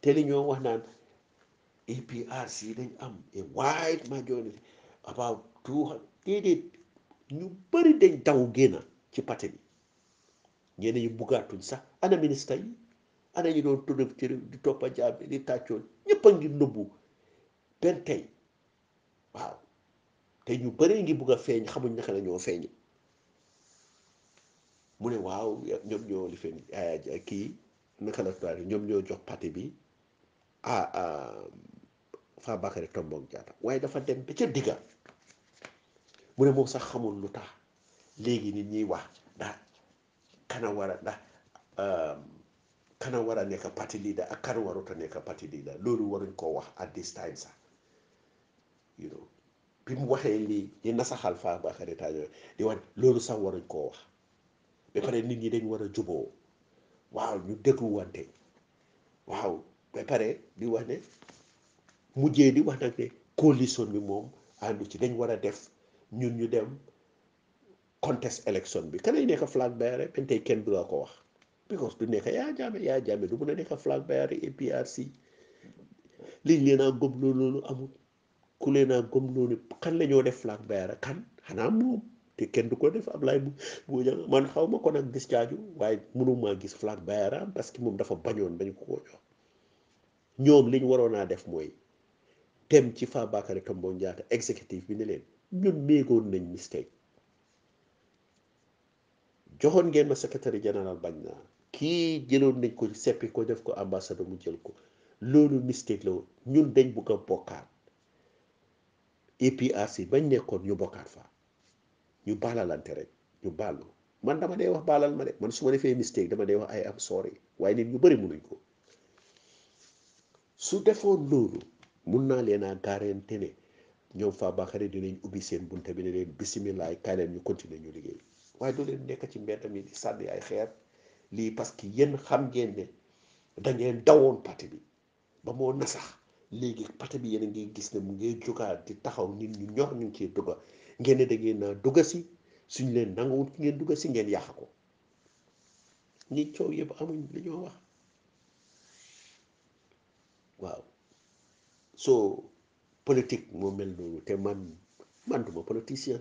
te li ñoo wax naan APRC e dañ am a wide majority about two hundred déedéet ñu bari dañ daw génn ci pate bi ñenn ñi buggaatuñ sax ana ministre yi ana ñu doon tudd ci di toppa jaabi di tàccoon ñëpp a ngi nëbbu benn tey waaw te ñu bëri ngi bugg a feeñ xamuñ naka la ñoo feeñ mu ne waaw ñoom ñoo li eh, kii naka la tuddaat ñoom ñoo jox pate bi ah, ah Fabakary Tombong Jatta waaye dafa dem ba ca digga mu ne moom sax xamul lu tax léegi nit ñiy wax ndax kana war a ndax euh, kana war a nekk parti leader ak kana warut a nekk parti leader loolu waruñ koo wax at this time sax you know bi mu waxee lii di nasaxal faa Bakary Tandian di wax loolu sax waruñ koo wax ba pare nit ñi dañ war a juboo waaw ñu déglu wante waaw ba pare bi wax ne mujjee di wax nag ne coalition bi moom àndu ci dañ war a def ñun ñu dem contest election bi kanay nekk flag bearer bañ tey kenn du la ko wax because du nekk yaa jaame yaa jaame du mun a nekk flag bearer APRC liñ leen a gëm loolu amul ku leen a gëm kan la ñoo def flag bearer kan xanaa moom te kenn du ko def ab Ablaye Bojang man xaw ma ko nag gis caaju waaye mënuma gis flag bearer parce que moom dafa bañoon bañ ko koo jox ñoom liñ waroon a def mooy dem ci Fabakary Tombong Jatta executive bi ni leen. ñun méegoon nañ mistake joxoon ngeen ma secrétaire général bañ naa kii jëloon nañ ko seppi ko def ko ambassadeur mu jël ko loolu mistake la woon ñun dañ bugg a bokkaat APRC bañ nekkoon ñu bokkaat fa ñu baalalante rek ñu baalu man dama dee wax baalal ma de man su ma defee mistake dama dee wax ay am sorry waaye nit ñu bëri mënuñ ko su defoon loolu mun naa leen a garanti ne ñoom Fambakhane dinañ ubbi seen bunte bi ne leen bisimilah kaay leen ñu continuer ñu liggéey waaye doo leen nekk ci mbedd mi di sànni ay xeer lii parce que yéen xam ngeen ne dawoon parti bi ba moo nasax léegi parti bi yéen a ngi gis ne mu ngi jógaat di taxaw nit ñu ñor ñu ngi ciy dugga ngeen ne da si suñ leen nanguwul ki ngeen dugga si ngeen yàq ko ñi coow yëpp amuñ li ñoo wax waaw politique moo mel noonu te man man duma politicien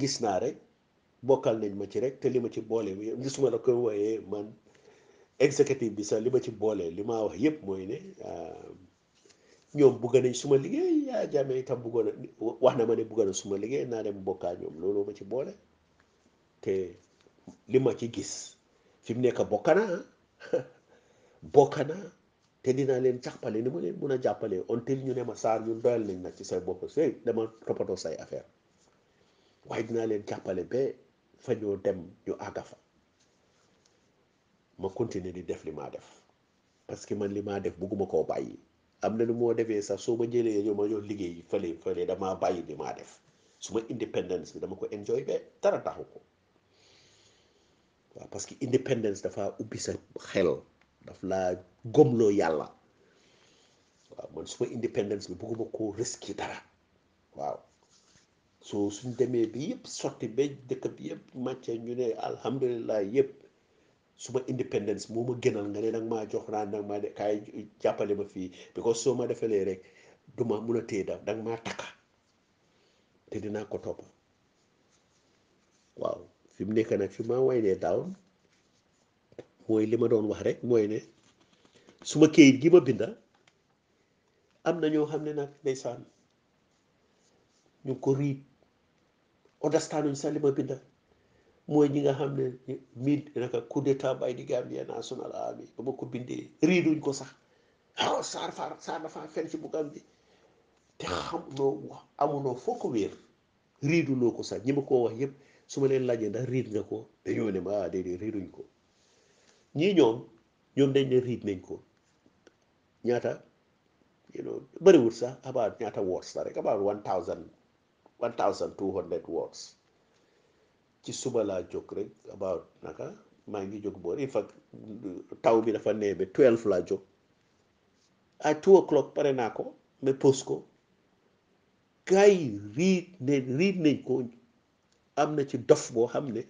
gis naa rek bokkal nañ ma ci rek te li ma ci boole gisuma la koy wooyee man exécutif bi sax li ma ci boole li ma wax yépp mooy ne ah, ñoom bugg nañ suma liggéey yaa jàmme itam buggoon a wax na ma ne bugg na suma liggéey naa dem bokkaa ñoom loolu ma ci boole te li ma ci gis fi mu nekk bokk naa [laughs] bokk naa te dinaa leen jàppale ni ma leen mun a jàppalee until ñu ne ma saar ñun doyal nañ nag ci say bopp sëy dama toppatoo say affaire waaye dinaa leen jàppale ba fa ñoo dem ñu àgga fa ma continuer di def li maa def parce que man li maa def bugguma koo bàyyi am na lu moo defee sax soo ma jëlee ñu ma ñoo liggéey fële fële damaa bàyyi li maa def su ma indépendance bi dama ko enjoy ba dara taxu ko waaw parce que indépendance dafa ubbi sa xel daf laa gomloo yàlla waaw man suma indépendance bi bëgguma koo risqué dara waaw soo suñ demee bi yëpp sotti ba dëkk bi yëpp màcce ñu ne alhamdulilah yëpp suma indépendance moo ma gënal nga ne nag maa jox naan nag maa de kaay jàppale ma fii because soo ma defalee rek du ma mun a téye da nga maa takka te dinaa ko topp waaw fi nekk nag fi ma way ne daaw mooy li ma doon wax rek mooy ne suma këyit gi ma binda am na ñoo xam ne nag ndeysaan ñu ko riib understanding sax li ma binda mooy ñi nga xam ne mid naka coup d'état bay di Gambia national army ba ma ko bindee riiduñ ko sax ah saar faa ko wéer riiduloo ko ñi ma koo wax yëpp su ma leen laajee ndax riid nga ko dañoo ne ma ah déedéet riiduñ ko ñii ñoom ñoom dañ ne riid nañ ko ñaata you know bëriwul sax about ñaata words la rek about 1000, 1200 words ci suba laa jóg rek about naka maa ngi jóg boor in fact taw bi dafa nee ba twelve laa jóg à two o'clock pare na ko mais post ko gars read, ne read nañ ko am na ci dof boo xam ne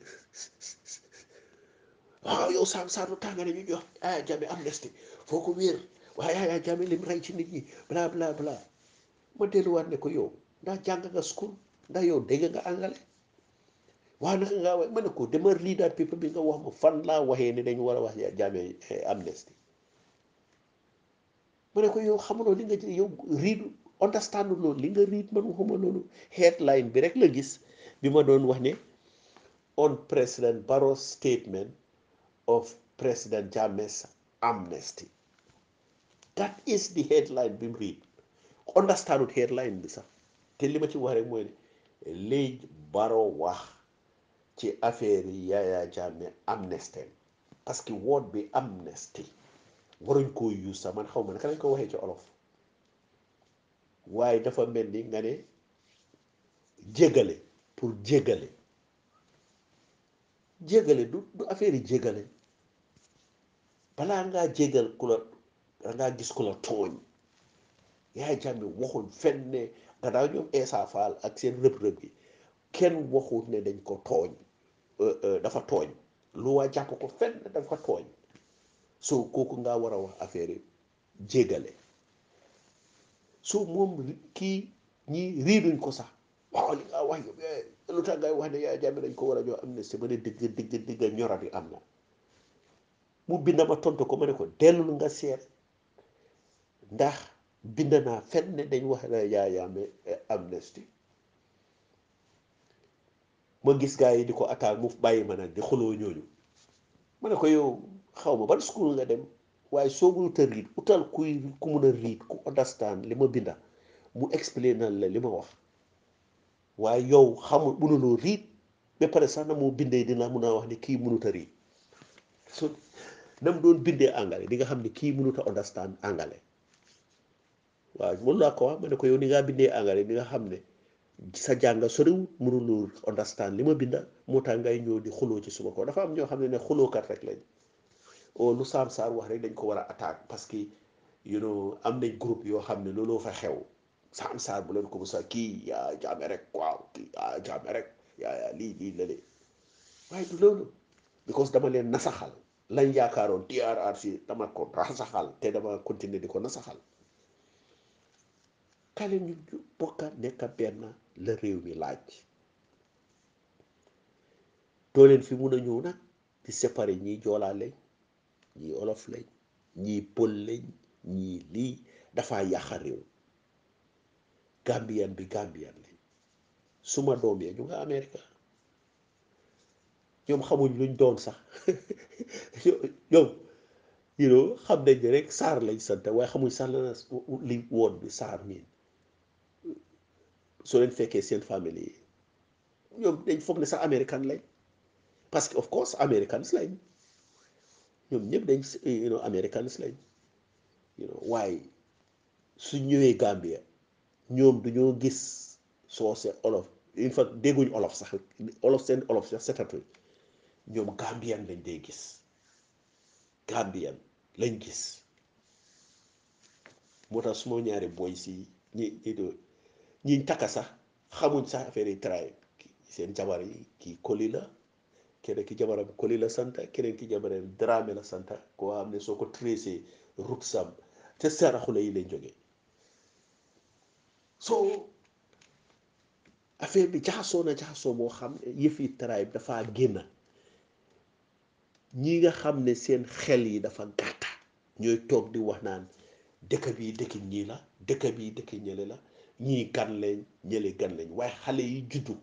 [laughs] waaw yow saam saam lu tax nga ne ñu jox ah jabe amnesty foo ko waya ya jami lim ray ci nit ñi bla bla bla ma wat ne ko yow ndax jàng nga school ndax yow dégg nga angale waa naka nga wax ma ne ko demeur leader people bi nga wax ma fan laa waxee ne dañu war a wax jaamee amnesty ma ne ko yow xamuloo li nga ci yow read understand loolu li nga read man waxuma loolu headline bi rek la gis bi ma doon wax ne on president Baro statement of president james amnesty that is the headline bi mu read understandut headline bi sax te li ma ci wax rek mooy ne léegi Barrow wax ci affaire yi Yaya Jammeh amnesty parce que word bi amnesty waruñ koo use sax man xaw ma naka lañ ko waxee ci olof waaye dafa mel ni nga ne jégale pour jégale jégale du du affaire jégale balaa ngaa jégal ku dangaa gis ko la tooñ yaay jàmmi waxuñ fenn ne gannaaw ñoom Essa Faal ak seen rëb-rëb yi kenn waxut ne dañ ko tooñ euh, euh, dafa tooñ lu waa jàpp ko fenn dafa tooñ soo kooku ngaa war a wax affaire yi jéggale soo moom kii ñi riiduñ ko sax waaw li nga wax eh, lu tax ngay wax ne yaay jàmmi dañ ko war a jox am na si ma ne dëgg dëgg dëgg ñoradi am na mu bind ma tontu ko ma ne ko dellu nga seet ndax bind naa ne dañ wax la Yaya eh, amnesty ma gis gaa yi di ko attaque mu bàyyi ma nag di xuloo ñooñu ma ne ko yow xaw ma ban school nga dem waaye soo mënut a riit utal kuy ku mun a riit ku understand li ma binda mu explainal la li ma wax waaye yow xamul mënuloo riit ba pare sax na mu bindee dina mun a wax ni kii mënut a riit so nam doon bindee angale di nga xam ne kii mënut a understand angale waaw mën naa ko wax ma ko yow ni ngaa bindee angale bi nga xam ne sa jàng soriwul mënuloo understand li ma binda moo tax ngay ñëw di xuloo ci suma ko dafa am ñoo xam ne ne xulookat rek lañ lu Sam Sarr wax rek dañ ko war a attaque parce que you am nañ groupe yoo xam ne looloo fa xew Sam Sarr bu leen ko mos a kii yaa jaame rek waaw kii yaa jaame rek yaa yaa lii lii la lee waaye du loolu because dama leen nasaxal lañ yaakaaroon TRRC dama ko nasaxal te dama continuer di ko nasaxal kale nit ñu bokka nekk benn la réew mi laaj doo leen fi mun a ñëw nag di séparer ñii joolaa lañ ñii olof lañ ñii pël lañ ñii lii dafa yàqa réew gambiyan bi gambiyan lañ suma doom ya ñu nga Amérique ñoom xamuñ luñ doon sax [laughs] ñoom you know xam nañ ne rek saar lañ sant waaye xamuñ sax la li woon bi saar miin soo leen fekkee seen famille yi ñoom dañ foog ne sax américain lañ parce que of course américains lañ ñoom ñëpp dañ you know américains lañ waaye su ñëwee Gambia ñoom duñoo gis soose olof in fact dégguñ olof sax olof seen olof sax setatuñ ñoom Gambian lañ day gis Gambian lañ gis moo tax su ma ñaari boy si ñiñ takka sax xamuñ sax affaire yi traay seen jabar yi kii koli la keneen ki jabaram koli la santa keneen ki jabaram drame la santa koo xam ne soo ko tracé route sam te saraxule yi lañ jógee soo affaire bi jaxasoo na jaxasoo moo xam yëf yi traay dafa génn ñi nga xam ne seen xel yi dafa gàtta ñooy toog di wax naan dëkk bii dëkki ñii la dëkk bii dëkki ñële la ñii kan lañ ñële kan lañ waaye xale yi juddu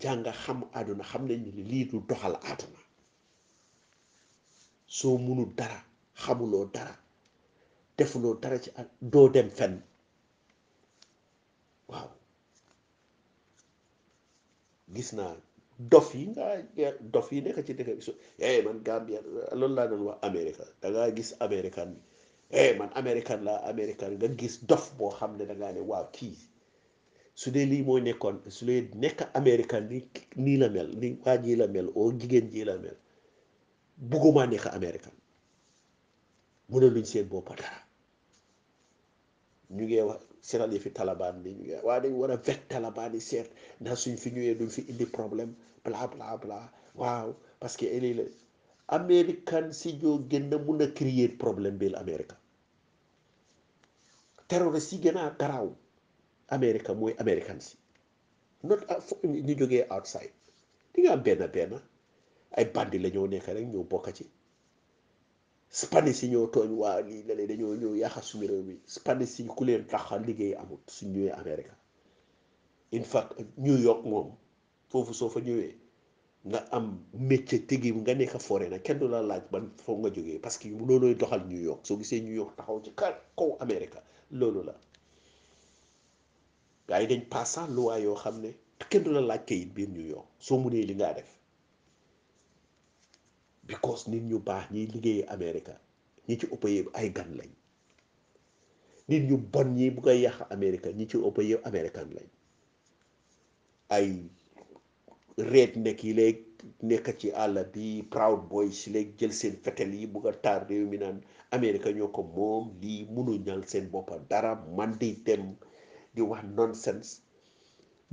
jànga xam àdduna xam nañ ni lii du doxal àdduna soo munul dara xamuloo dara defuloo dara ci ak doo dem fenn waaw gis naa dof yi nga dof yi nekk ci dëkk bi so eh, man Gambia loolu laa doon wax Amérique da gis Américain bi eh man américain la américain nga gis dox boo xam ne da ngaa ne waaw kii su dee lii moo nekkoon su dee nekk américain ni nii la mel ni waa jii la mel oo jigéen jii la mel bugguma nekk américain mëna luñ seen boppa dara ñu ngee wax seetal yi fi talabaan bi ñu ngee waa dañ war a veg talabaan yi seet ndax suñ fi ñëwee duñ fi indi problème bla bla bla waaw parce que la américain si joo gën a mun a créer problème bi américa terroriste yi gën a garaaw américa mooy américain si not a uh, jógee benn benn ay la ñoo nekk rek ñoo ci spanish yi ñoo waa lii la dañoo ñëw yàqa suñu réew mi spanish yi ku leen tax liggéey amut suñ ñëwee américa in foofu soo fa ñëwee nga am métier tegi nga nekk foore na kenn du la laaj ban foog nga jógee parce que loolooy doxal New York soo gisee New York taxaw ci kaw kaw Amérique loolu la gars yi dañ passa loi yoo xam ne kenn du la laaj kayit biir New York soo munee li ngaa def because nit ñu baax ñiy liggéey Amérique ñi ci ëpp yëpp ay gan lañ nit ñu bon ñi bu koy yàq Amérique ñi ci ëpp yëpp américain lañ ay. reet nekk yi léeg nekk ci àll bi proud boys léeg jël seen fetel yi bugg a taar réew mi naan Amérique ñoo ko moom lii munu ñal seen boppa dara man di dem di wax nonsense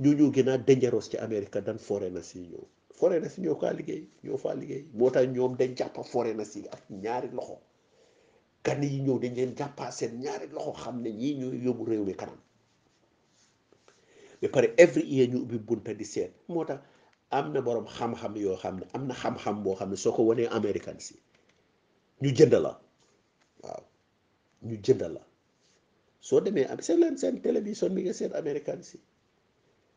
ñu ñu gën a dangereux ci Amérique dan foreigners yi ñëw foreigners yi ñoo kaa liggéey ñoo faa liggéey moo tax ñoom dañ jàppa foreigners yi ak ñaari loxo gan yi ñëw dañ leen jàppaa seen ñaari loxo xam ne ñii ñooy yóbbu réew mi kanam ba pare every year ñu ubbi bunta di seet moo tax am na boroom xam-xam yoo xam ne am na xam-xam boo xam ne soo ko wanee américain si ñu jënd la waaw ñu jënd la soo demee am seen leen seen télévision bi nga seen américain si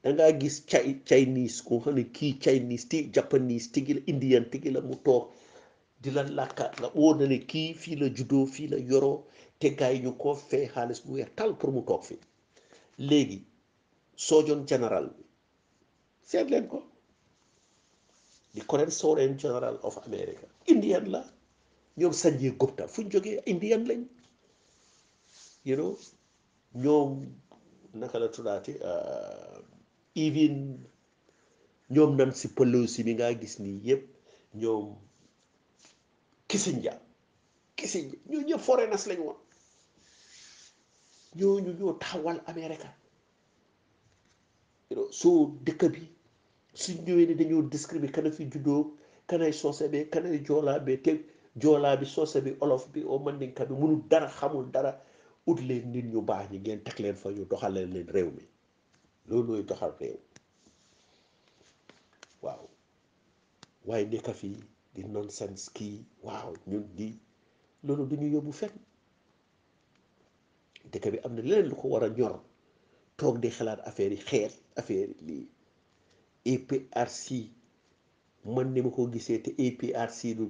da gis cay chinese ku xam ne kii chinese ti japanese tigi la indian tigi la mu toog di la làkka nga wóor na ne kii fii la juddo fii la yoroo te gars ñu ko fay xaalis bu weer tal pour mu toog fi léegi soojoon général bi seetleen ko the current Surgeon General of America Indian la ñoom Sanjay Gupta fu ñu jógee Indian lañ you naka la tuddaati uh, even ñoom Nancy Pelosi mi ngaa gis nii yëpp ñoom Kissinger Kissinger ñoo ñëpp foreigners lañ woon ñooñu ñoo taxawal America soo dëkk bi. suñ ñëwee ni dañoo discrimer kana soose bi kanay joolaa bi te joolaa bi soose bi olof bi o mandinka bi munul dara xamul dara ut leen nit ñu baax ñi ngeen teg leen fa ñu doxaleen leen réew mi loolu looy doxal réew waaw waaye nekka fii di nonsense kii du ñu yóbbu fenn dëkk bi am na leneen lu ko war a ñor toog di xalaat affaire yi xeet affaire lii APRC man ni ma ko gisee te APRC du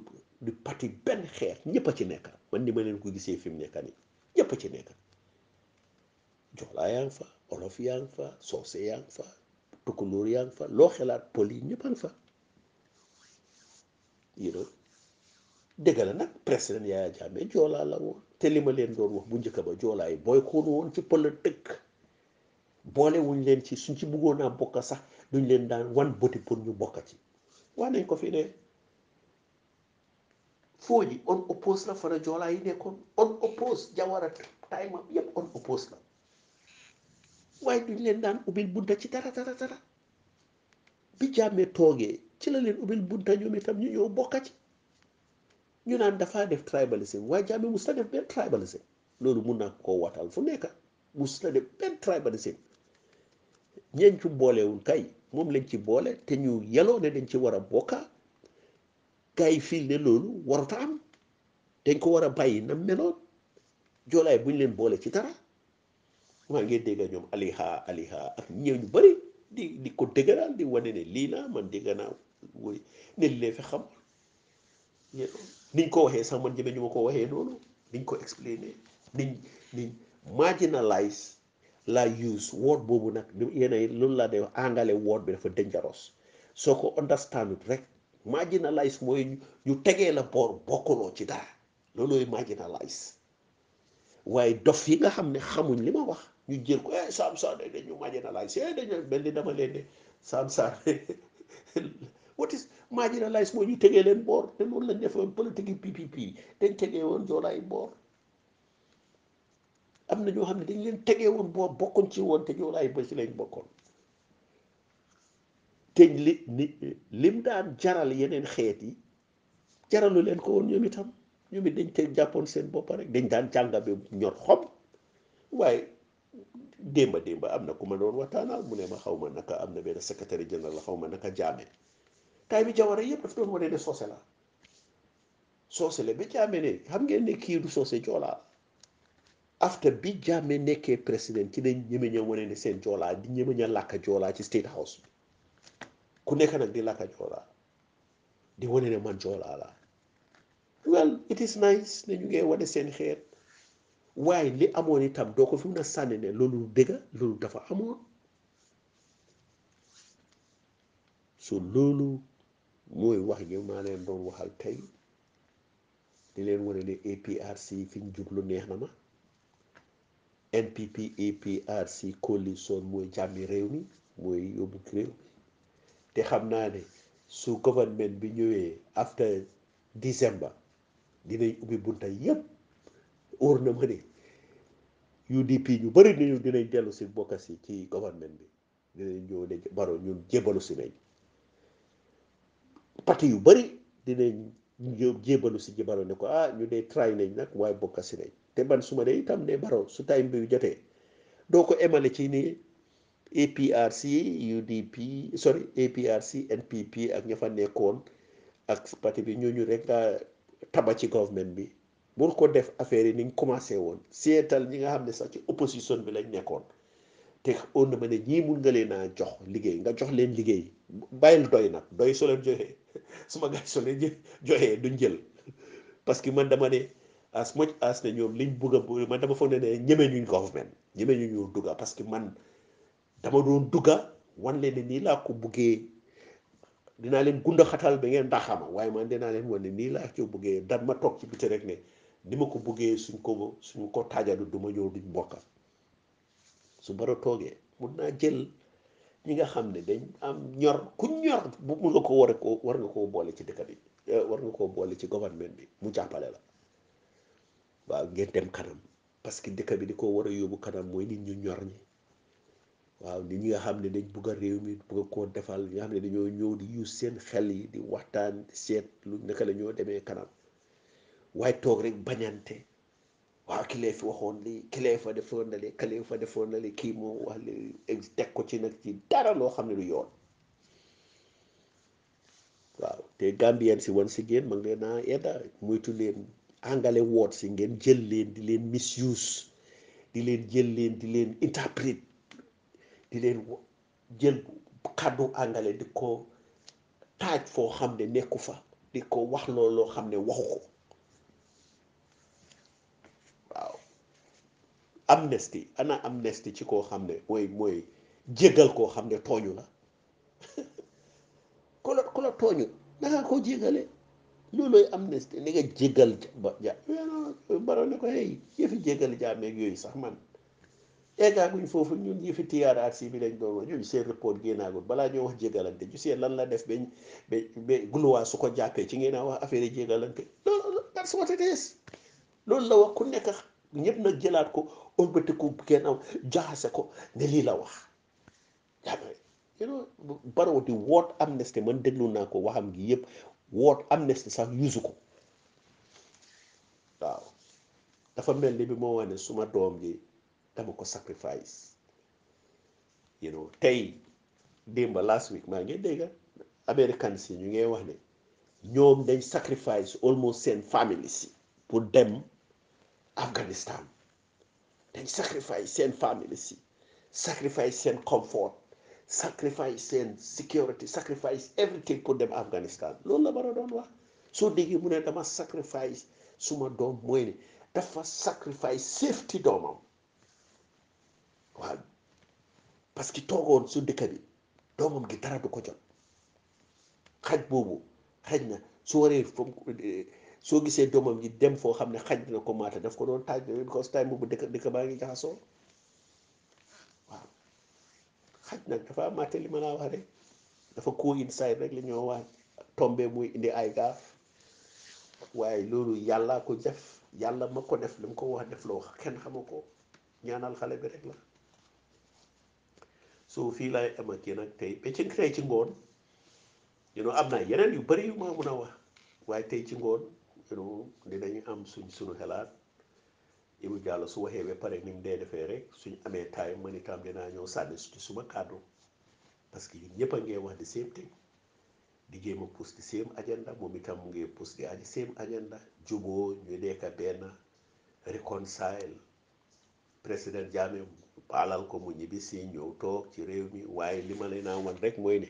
du parti benn xeet ñëpp a ci nekk man ni ma leen ko gisee fi mu nekk nii ñëpp a ci nekk joolaa yaa ngi fa olof yaa fa soose yaa fa tukulóor yaa fa loo xelaat Poli ñëpp a ngi fa you know dëgg la nag président Yaya Jammeh joolaa la woon te li ma leen doon wax bu njëkk ba joolaa yi booy woon ci politique wuñ leen ci suñ ci bëggoon bokk sax duñ leen daan wan bëti pour ñu bokka ci waa nañ ko fi ne fooji on oppose la fana joolaa yi nekkoon on oppose jawara time am yëpp on oppose la waaye duñ leen daan ubbil bunta ci dara dara bi jàmmee toogee ci la leen ubbil bunta ñoom itam ñu ñëw bokka ci ñu naan dafaa def tribalism waaye jàmmee mus la def benn tribalism loolu mun naa koo watal fu nekka mus la def benn tribalism ñeen cu mboolewul kay moom lañ ci boole te ñu yeloo ne dañ ci war a bokka gars yi fiil ne loolu warut am dañ ko war a bàyyi na meloon joolaay buñ leen boole ci dara maa ngi dégg ñoom aliha aliha ak ñëw ñu bari di di ko dëgëral di wane ne lii laa man dégg naa woy ne li leen fi xam niñ ko waxee sax man jëme ñu ma ko waxee noonu niñ ko expliqué niñ niñ marginalize laa use word boobu nag yéen a loolu laa day wax angale word bi dafa dangerous soo ko understand rek marginalize mooy ñu tegee la boor bokkuloo ci dara loolooy marginalize waaye dof yi nga xam ne xamuñ li ma wax ñu jël ko eh Sam Sané dañu marginalize eh dañu mel ni dama leen ne Sam Sané [laughs] what is marginalize mooy ñu tegee leen boor te loolu lañ defoon politique yi PPP dañ tegee woon joolaay boor. am na ñoo xam ne dañ leen tegee woon boo bokkoon ci woon te ñoo laay ba si lañ bokkoon te li ni lim daan jaral yeneen xeet yi jaralu leen ko woon ñoom itam ñoom it dañ te jàppoon seen bopp rek dañ daan jànga bi ñor xob waaye démba démba am na ku ma doon waxtaanal mu ne ma xaw ma naka am na benn secrétaire général la xaw ma naka jaame tay bi jawara yëpp daf doon wane ne soose la soose la ba jaame ne xam ngeen ne kii du soose joolaa after bi Jammeh nekkee président ci lañ ñemeñ a wane ne seen joolaa di ñemeñ a làkk joolaa ci state house bi ku nekk nag di làkk joolaa di wone ne man joolaa la well it is nice ne ñu ngee wane seen xeet waaye li amoon itam doo ko fi mun a sànni ne loolu dëgg loolu dafa amoon su loolu mooy wax yi maa leen doon waxal tey di leen wane ne APRC fi ñu lu neex na ma NPP APRC e coalition mooy jàmmi réew mi mooy yóbbu réew te xam naa ne su gouvernement bi ñëwee after December dinañ ubbi bunta yépp óor na ma ne UDP ñu bëri nañu dinañ dellu si bokka si ci gouvernement bi dinañ ñëw ne baro ñun jébalu si nañ parti yu bëri dinañ jébalu si ji baro ne ko ah ñu dee try nañ nag waaye bokka si nañ te man su ma ne itam ne baro su time bi jotee doo ko emale ci ni APRC UDP sorry APRC NPP ak ña fa nekkoon ak parti bi ñooñu rek nga taba ci government bi bul ko def affaire yi ni ñu commencé woon seetal ñi nga xam ne sax ci opposition bi lañ nekkoon te on ma ne ñii mun nga leen a jox liggéey nga jox leen liggéey bàyyil doy nag doy soo joxe [laughs] su ma gars soo leen joxee duñ jël parce que man dama ne. as much as ne ñoom liñ bëgg a man dama foog ne ne ñeme ñuñ government ñeme ñu ñoo dugga parce que man dama doon dugga wan leen nii laa ko buggee dinaa leen gunda xatal ngeen ndaxama waaye man dinaa leen wan ne nii laa ko buggee dan ma toog ci biti rek ne ni ma ko buggee suñ ko suñ ko taajadu duma ma ñëw duñ mbokka su bara toogee mun naa jël ñi nga xam ne dañ am ñor ku ñor bu mun nga ko war a ko war nga koo boole ci dëkk bi eh, war nga koo boole ci gouvernement bi mu jàppale la waaw ngeen dem kanam parce que dëkk bi di ko war a yóbbu kanam mooy nit ñu ñor ñi waaw nit ñi nga xam ne dañ bugg a réew mi bugg koo defal ñi nga xam ne dañoo ñëw di use seen xel yi di waxtaan seet lu naka la ñoo demee kanam waaye toog rek bañante waaw kilee fi waxoon kii moo wax lii teg ko ci nag ci dara loo xam ne du yoon waaw te Gambien si wan si génn ma leen a edda moytu leen angale woot si ngeen jël leen di leen misuse di leen jël leen di leen interprète di leen jël kàddu angale di ko taaj foo xam ne nekku fa di ko wax loo xam ne waxu ko waaw amnesty ana amnesty ci koo xam ne mooy mooy jéggal koo xam ne tooñu la [laughs] ku la ku la tooñu nanga koo jéggale loolooy amnistie ni nga ba ja baro ko hey yëfi jégal jaameeg yooyu sax man eggaaguñ foofu ñun yëfi TRRC bi lañ doon wax ñun seen report balaa ñoo wax jégalante ju see lan la def bañ ba su ko jàppee ci ngeen a wax affaire jégalante loolu that's loolu la wax ku nekk ñëpp na jëlaat ko ëlbatiku kenn am jaxase ko ne lii la wax jàppee you know Barrow di woot amnistie man déglu naa ko waxam gi yëpp woot amnistie sax yusu ko waaw dafa mel ni bi moo wax suma doom ji dama ko sacrifice you know tey démba last week maa ngi dégg américain si ñu ngi wax ne ñoom dañ sacrifice almost seen famille si pour dem Afghanistan dañ sacrifice seen famille si sacrifice seen comfort sacrifice seen security sacrifice everything pour dem Afghanistan loolu la bara doon wax soo déggee mu ne dama sacrifice suma doom mooy ne dafa sacrifice safety doomam waaw parce que toogoon su dëkk bi doomam gi dara du ko jot xaj boobu xaj na su waree fom soo gisee doomam gi dem foo xam ne xaj dina ko maata daf ko doon taaj because time boobu dëkk dëkk baa ngi jaxasoo xaj nag dafa amaate li ma laa wax rek dafa coïncide rek lañoo ñoo wax tombe muy indi ay gaaf waaye loolu yàlla ko def yàlla ma ko def li mu ko wax def la wax kenn xama ko ñaanal xale bi rek la so fii laay am ak yéen ak tey ba ci tey ci ngoon you know am naa yeneen yu bari yu ma mun a wax waaye tey ci ngoon you know dinañ am suñ suñu xelaat Ibou Diallo su waxee ba pare ni mu dee defee rek suñ amee taay man itam naa ñëw sànni ci suma kàddu parce que ñun ñëpp a ngee wax di same thing di jéem a pousse di same agenda moom itam mu ngi pousse di aji same agenda juboo ñu nekka benn reconcile président Jammeh baalal ko mu ñibbi si ñëw toog ci réew mi waaye li ma leen a wan rek mooy ne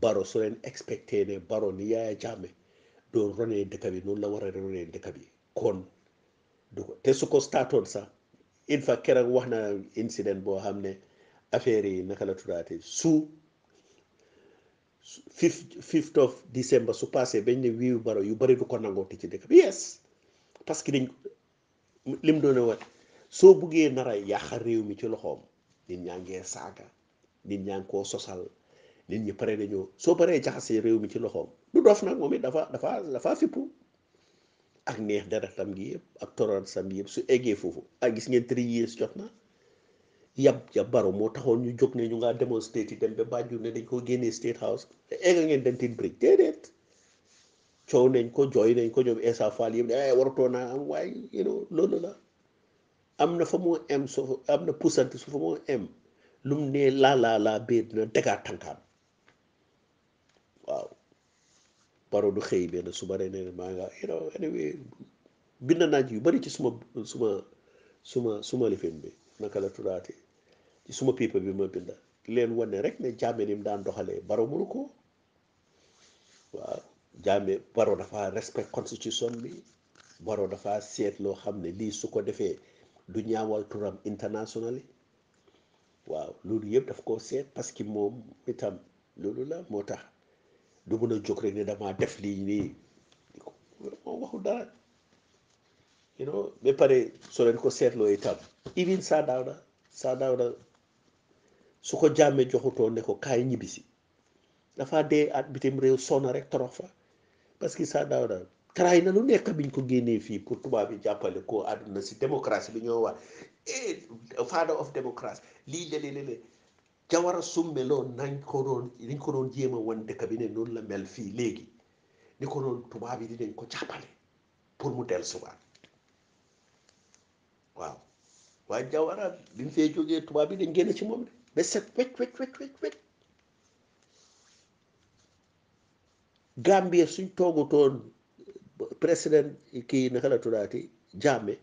baro su leen expecté ne baro ni Yaya Jammeh doon ronee dëkk bi noonu la war a ronee dëkk bi kon. du ko te su ko staatoon sax in fa keroog wax na incident boo xam ne affaire yi naka la tuddaatee su fifth of December su passé bañ ne wiiw baro yu bari du ko nangooti ci dëkk bi yes parce que dañ lim doon wax soo buggee nara yàq réew mi ci loxoom nit ñaa ngee saaga nit ñaa ngi koo sosal nit ñi pare nañoo soo paree jaxasee réew mi ci loxoom du dof nag moom it dafa dafa dafa fippu ak neex deretam gi yëpp ak toronsam yëpp su eggee foofu ak gis ngeen three years jot na yab ja baro moo taxoon ñu jóg ne ñu ngaa demonstrate yi dem ba bàjju ne dañ ko génnee state house egg ngeen dem tin brick déedéet coow nañ ko jooy nañ ko ñoom Essa Faal yëpp ne ay eh, waratoo naa am waaye you know loolu la am na fa moo em so am na pusanti su fa moo em lum ne laa laa laa béet na degaa tànkaam waaw baro du xëy benn suba rek ne maa nga you bind naa yu bari ci suma suma suma suma lifin bi naka la tuddaate ci suma paper ma binda leen wane rek ne jàmme mu daan doxalee baro ko waaw jàmme baro dafa respect constitution bi baro dafa seet loo xam ne lii su ko defee du ñaawal turam internationally waaw loolu yëpp daf koo seet parce que moom itam loolu la moo tax du mën a jóg rek ne damaa def lii nii moom waxul dara you know ba pare soo leen ko seetloo itam even saa daaw da su ko jàmmee joxutoon ne kaay ñibbisi dafa dee at bitim réew sona rek torox fa parce que saa daaw da taraay na lu nekk biñ ko génnee fii pour tubaab yi jàppale ko àdduna si démocratie bi ñoo wax eh, father of démocratie lii léeg-léeg jawara sumbe loon nañ ko jéema wan dëkk bi la mel fii léegi ni ko doon tubaab yi dinañ ko jàppale pour mu del subaat waaw waaye jawara bi fee jógee tubaab yi dañ génn ci moom de ba set wecc wecc wecc wecc Gambia suñ toogutoon président kii naka la tuddaati Jammeh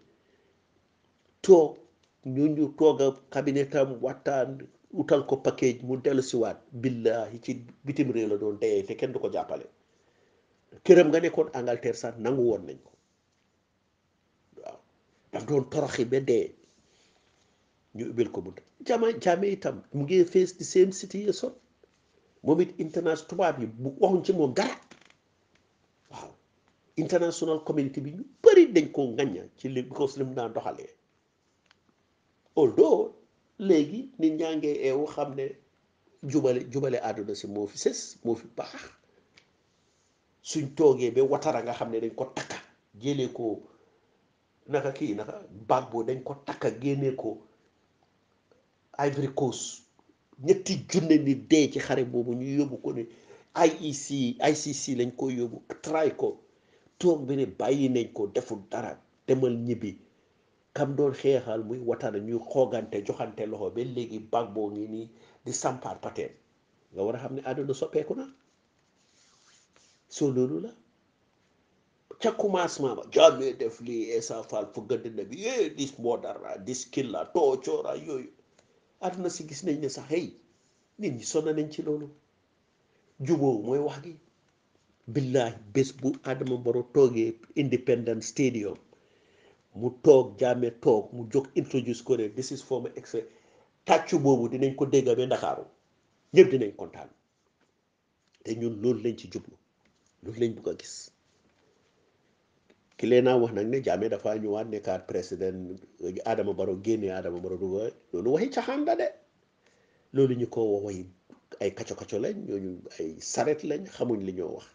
toog ñu ñu toog a cabinetam waxtaan wutal ko package mu dellusiwaat siwaat billahi ci bitim réew la doon deyee te kenn du ko jàppale këram nga nekkoon Angleterre sax nangu woon nañ ko waaw daf doon toroxi ba dee ñu ubbil ko bunt jama jaame itam mu ngi face the same situation moom it international tubaab yi bu waxuñ ci moom dara waaw international community bi ñu bëri dañ koo ngañña ci li because lim daan doxalee although léegi nit ñaa ngi eewu xam ne jubale jubale àdduna si moo fi sës moo fi baax suñ toogee ba watara nga xam ne dañ ko takka jëlee ko naka kii naka baag boo dañ ko takka génnee ko Ivory Coast ñetti junne ni dee ci xare boobu ñu yóbbu ko ne IEC ICC lañ ko yóbbu tray ko toog bi ne bàyyi nañ ko deful dara demal ñibbi kam doon xeexal muy watara ñu xoogante joxante loxo ba léegi bag boo ngi nii di sampaar pateen nga war a xam ne àdduna soppeeku na soo loolu la ca commencement ba jaamee def lii Essa Faal fu gëdd na bi eh dis moodara dis killa toocoora yooyu àdduna si gis nañ ne sax hey nit ñi sonn nañ ci loolu juboo mooy wax gi billahi bés bu Adama Barrow toogee Independence Stadium mu toog jàmme toog mu jóg introduce ko ne this is former excellence tàccu boobu dinañ ko dégg ba Ndakaaru ñëpp dinañ kontaan te ñun loolu lañ ci jublu loolu lañ bugg a gis ki leen naa wax nag ne jàmme dafa ñu nekkaat président Adama Barrow génne Adama du loolu wax caxaan la de loolu ñu ko wax ay kaco kaco lañ ñooñu ay saret lañ xamuñ li ñoo wax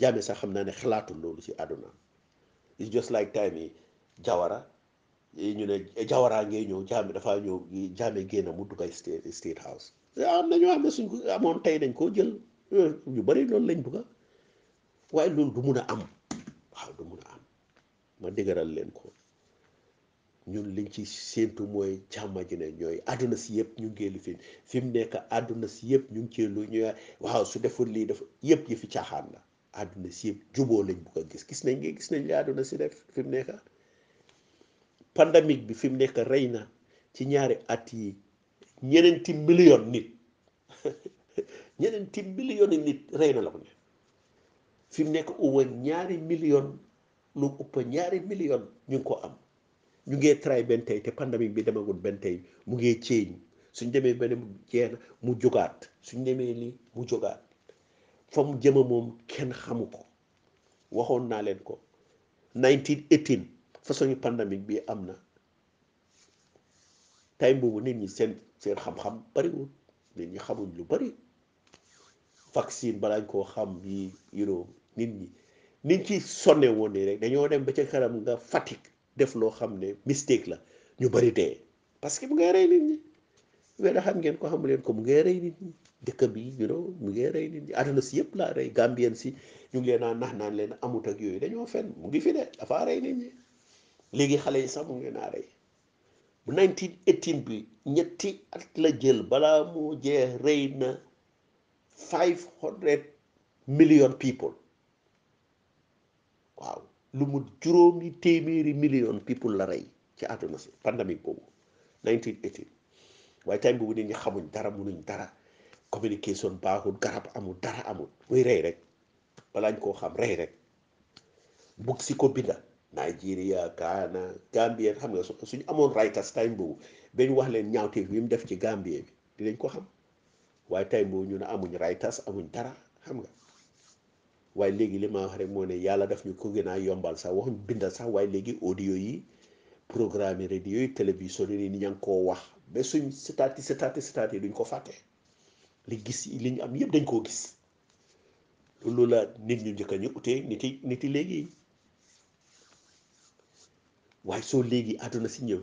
jàmme sax xam naa ne xalaatul loolu ci àdduna it's just like time yi Jawara ñu ne Jawara ñëw jaame dafaa ñëw jaame génn mu dugay state state house am na ñoo xam ne suñ ko amoon tey dañ koo jël ñu bari loolu lañ bëgg waaye loolu du mun a am waaw ma dëgëral leen ko ñun liñ ci séentu mooy càmm ji ne ñooy àdduna si yëpp ñu ngi fi fi mu nekk àdduna si yëpp ñu ngi cee lu ñuy waaw su deful lii def yëpp yi fi caaxaan la àdduna si yëpp juboo lañ bugg gis gis nañ gis nañ li àdduna si def fi mu pandémique bi fi mu nekk rey na ci ñaari at yi ñeneenti million nit [laughs] ñeneenti million nit rey na la ko ne fi mu nekk uwa ñaari million lu ëpp ñaari million ñu ngi ko am ñu ngee try benn tey te pandémique bi demagul benn tey mu ngee ceeñ suñ demee benn jeex mu jógaat suñ demee ni mu jógaat fa mu jëma moom kenn xamu ko waxoon naa leen ko 1918 façon yu pandémique bii am na time boobu nit ñi seen seen xam-xam bariwul nit ñi xamuñ lu bari vaccine balaañ koo xam yi yuroo nit ñi nit ci sonne woon nii rek dañoo dem ba ca kanam nga fatigue def loo xam ne mistake la ñu bari dee parce que mu ngay rey nit ñi weda xam ngeen ko xamu leen ko mu ngee rey nit ñi dëkk bi you know mu nit ñi àdduna si yëpp laa rey gambien si ñu ngi leen a nax naan leen amut ak yooyu dañoo fen mu ngi fi de dafa rey nit ñi léegi xale yi sax mu ngi naa rey bu 1918 bi ñetti at la jël balaa mu jeex rey na 500 million people waaw lu mu juróomi téeméeri million people la rey ci àdduna si pandémie boobu 1918 waaye time boobu nit ñi xamuñ dara munuñ dara communication baaxul garab amul dara amul muy rey rek balaañ koo xam rey rek bug si ko binda Nigeria Ghana Gambien xam nga suñu amoon raytas time boobu ba ñu wax leen ñaawteef bi mu def ci Gambie bi dinañ ko xam waaye time boobu ñu ne amuñ raytas amuñ dara xam nga waaye léegi li ma wax rek moo ne yàlla def ñu ko gën a yombal sax waxuñ bindal sax waaye léegi audio yi programme yi radio yi télévision yi ni ña ngi koo wax ba suñ sitaati sitaati sitaati duñ ko fàtte li gis li ñu am yëpp dañ koo gis loolu la nit ñu njëkk ñu utee nit yi nit yi léegi. waaye soo léegi àdduna si ñëw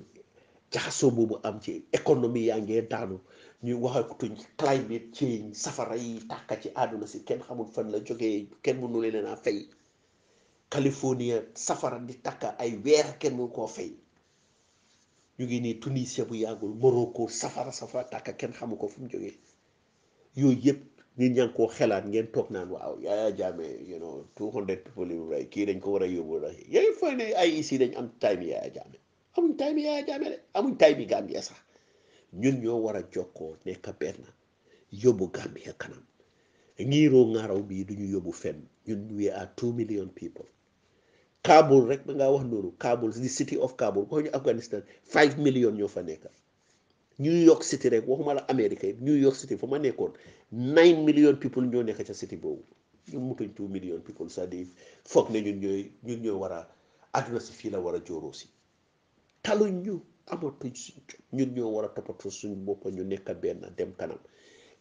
jaxasoo boobu am ci économie yaa ngee daanu ñuy waxatuñ climate change safara yi tàkka ci àdduna si kenn xamul fan la jógee kenn mënu leen a fay California safara di tàkka ay weer kenn mënu koo fay ñu ngi nii Tunisia bu yàggul Morocco safara safara tàkka kenn xamu ko fu mu jógee yooyu yëpp ñi ña koo xelaat ngeen toog naan waaw Yaya Jammeh you kii dañ ko war a yóbbu rek yooyu foog ne am time Yaya Jammeh amuñ time ñun ñoo war a jokkoo nekk benn yóbbu Gambia kanam ngiiroo ngaaraw bii duñu yóbbu fenn ñun we are two million people Kabul rek ba ngaa wax noonu Kabul the city of Kabul ko Afghanistan five million ñoo fa nekk New York City rek waxuma la Amérique New York City fa ma nekkoon nine million people ñoo nekk ca city boobu ñun mutuñ two million people c'est-à-dire foog ne ñun ñooy ñun ñooy war a si fii la war a jóoroo si taluñ ñu amatuñ suñ ñun war a toppatoo suñ boppa ñu nekk benn dem kanam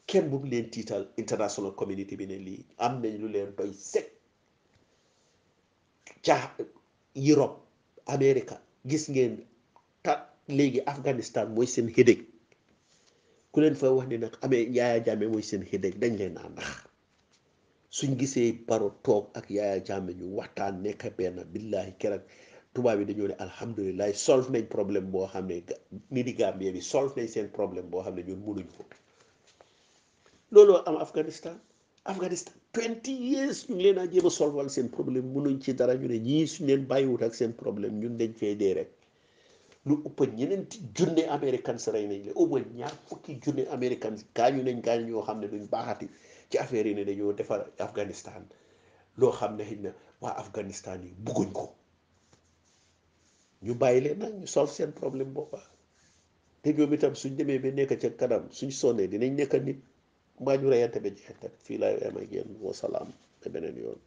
kenn bu leen tiital international community bi ne lii am nañ lu leen doy set ca Europe America gis ngeen ta léegi Afghanistan mooy seen headache ku leen fa wax ni nag amee Yaya Jammeh mooy seen xiddeeg dañ leen a nax suñ gisee baro toog ak Yaya Jammeh ñu waxtaan nekk benn billahi keroog tubaab yi dañoo ne alhamdulilah solve nañ problème boo xam ne ni di Gambie bi solve nañ seen problème boo xam ne ñun mënuñ ko loolu am Afghanistan Afghanistan 20 years ñu ngi leen a jéem a solval seen problème mënuñ ci dara ñu ne ñii suñ leen bàyyiwut ak seen problème ñun dañ fee dee rek. lu ëpp ñeneenti junne américains rey nañ leen au moins ñaar fukki junne américains gaañu nañ gaañ ñoo xam ne duñ baaxati ci affaire yi ne dañoo defar Afghanistan loo xam ne xëy na waa Afghanistan yi bugguñ ko ñu bàyyi leen nag ñu solve seen problème boppa te ñoom itam suñ demee ba nekk ca kanam suñ sonnee dinañ nekk nit mbaa ñu reyante ba jeexit fii laay am ak yéen wa salaam ba beneen yoon.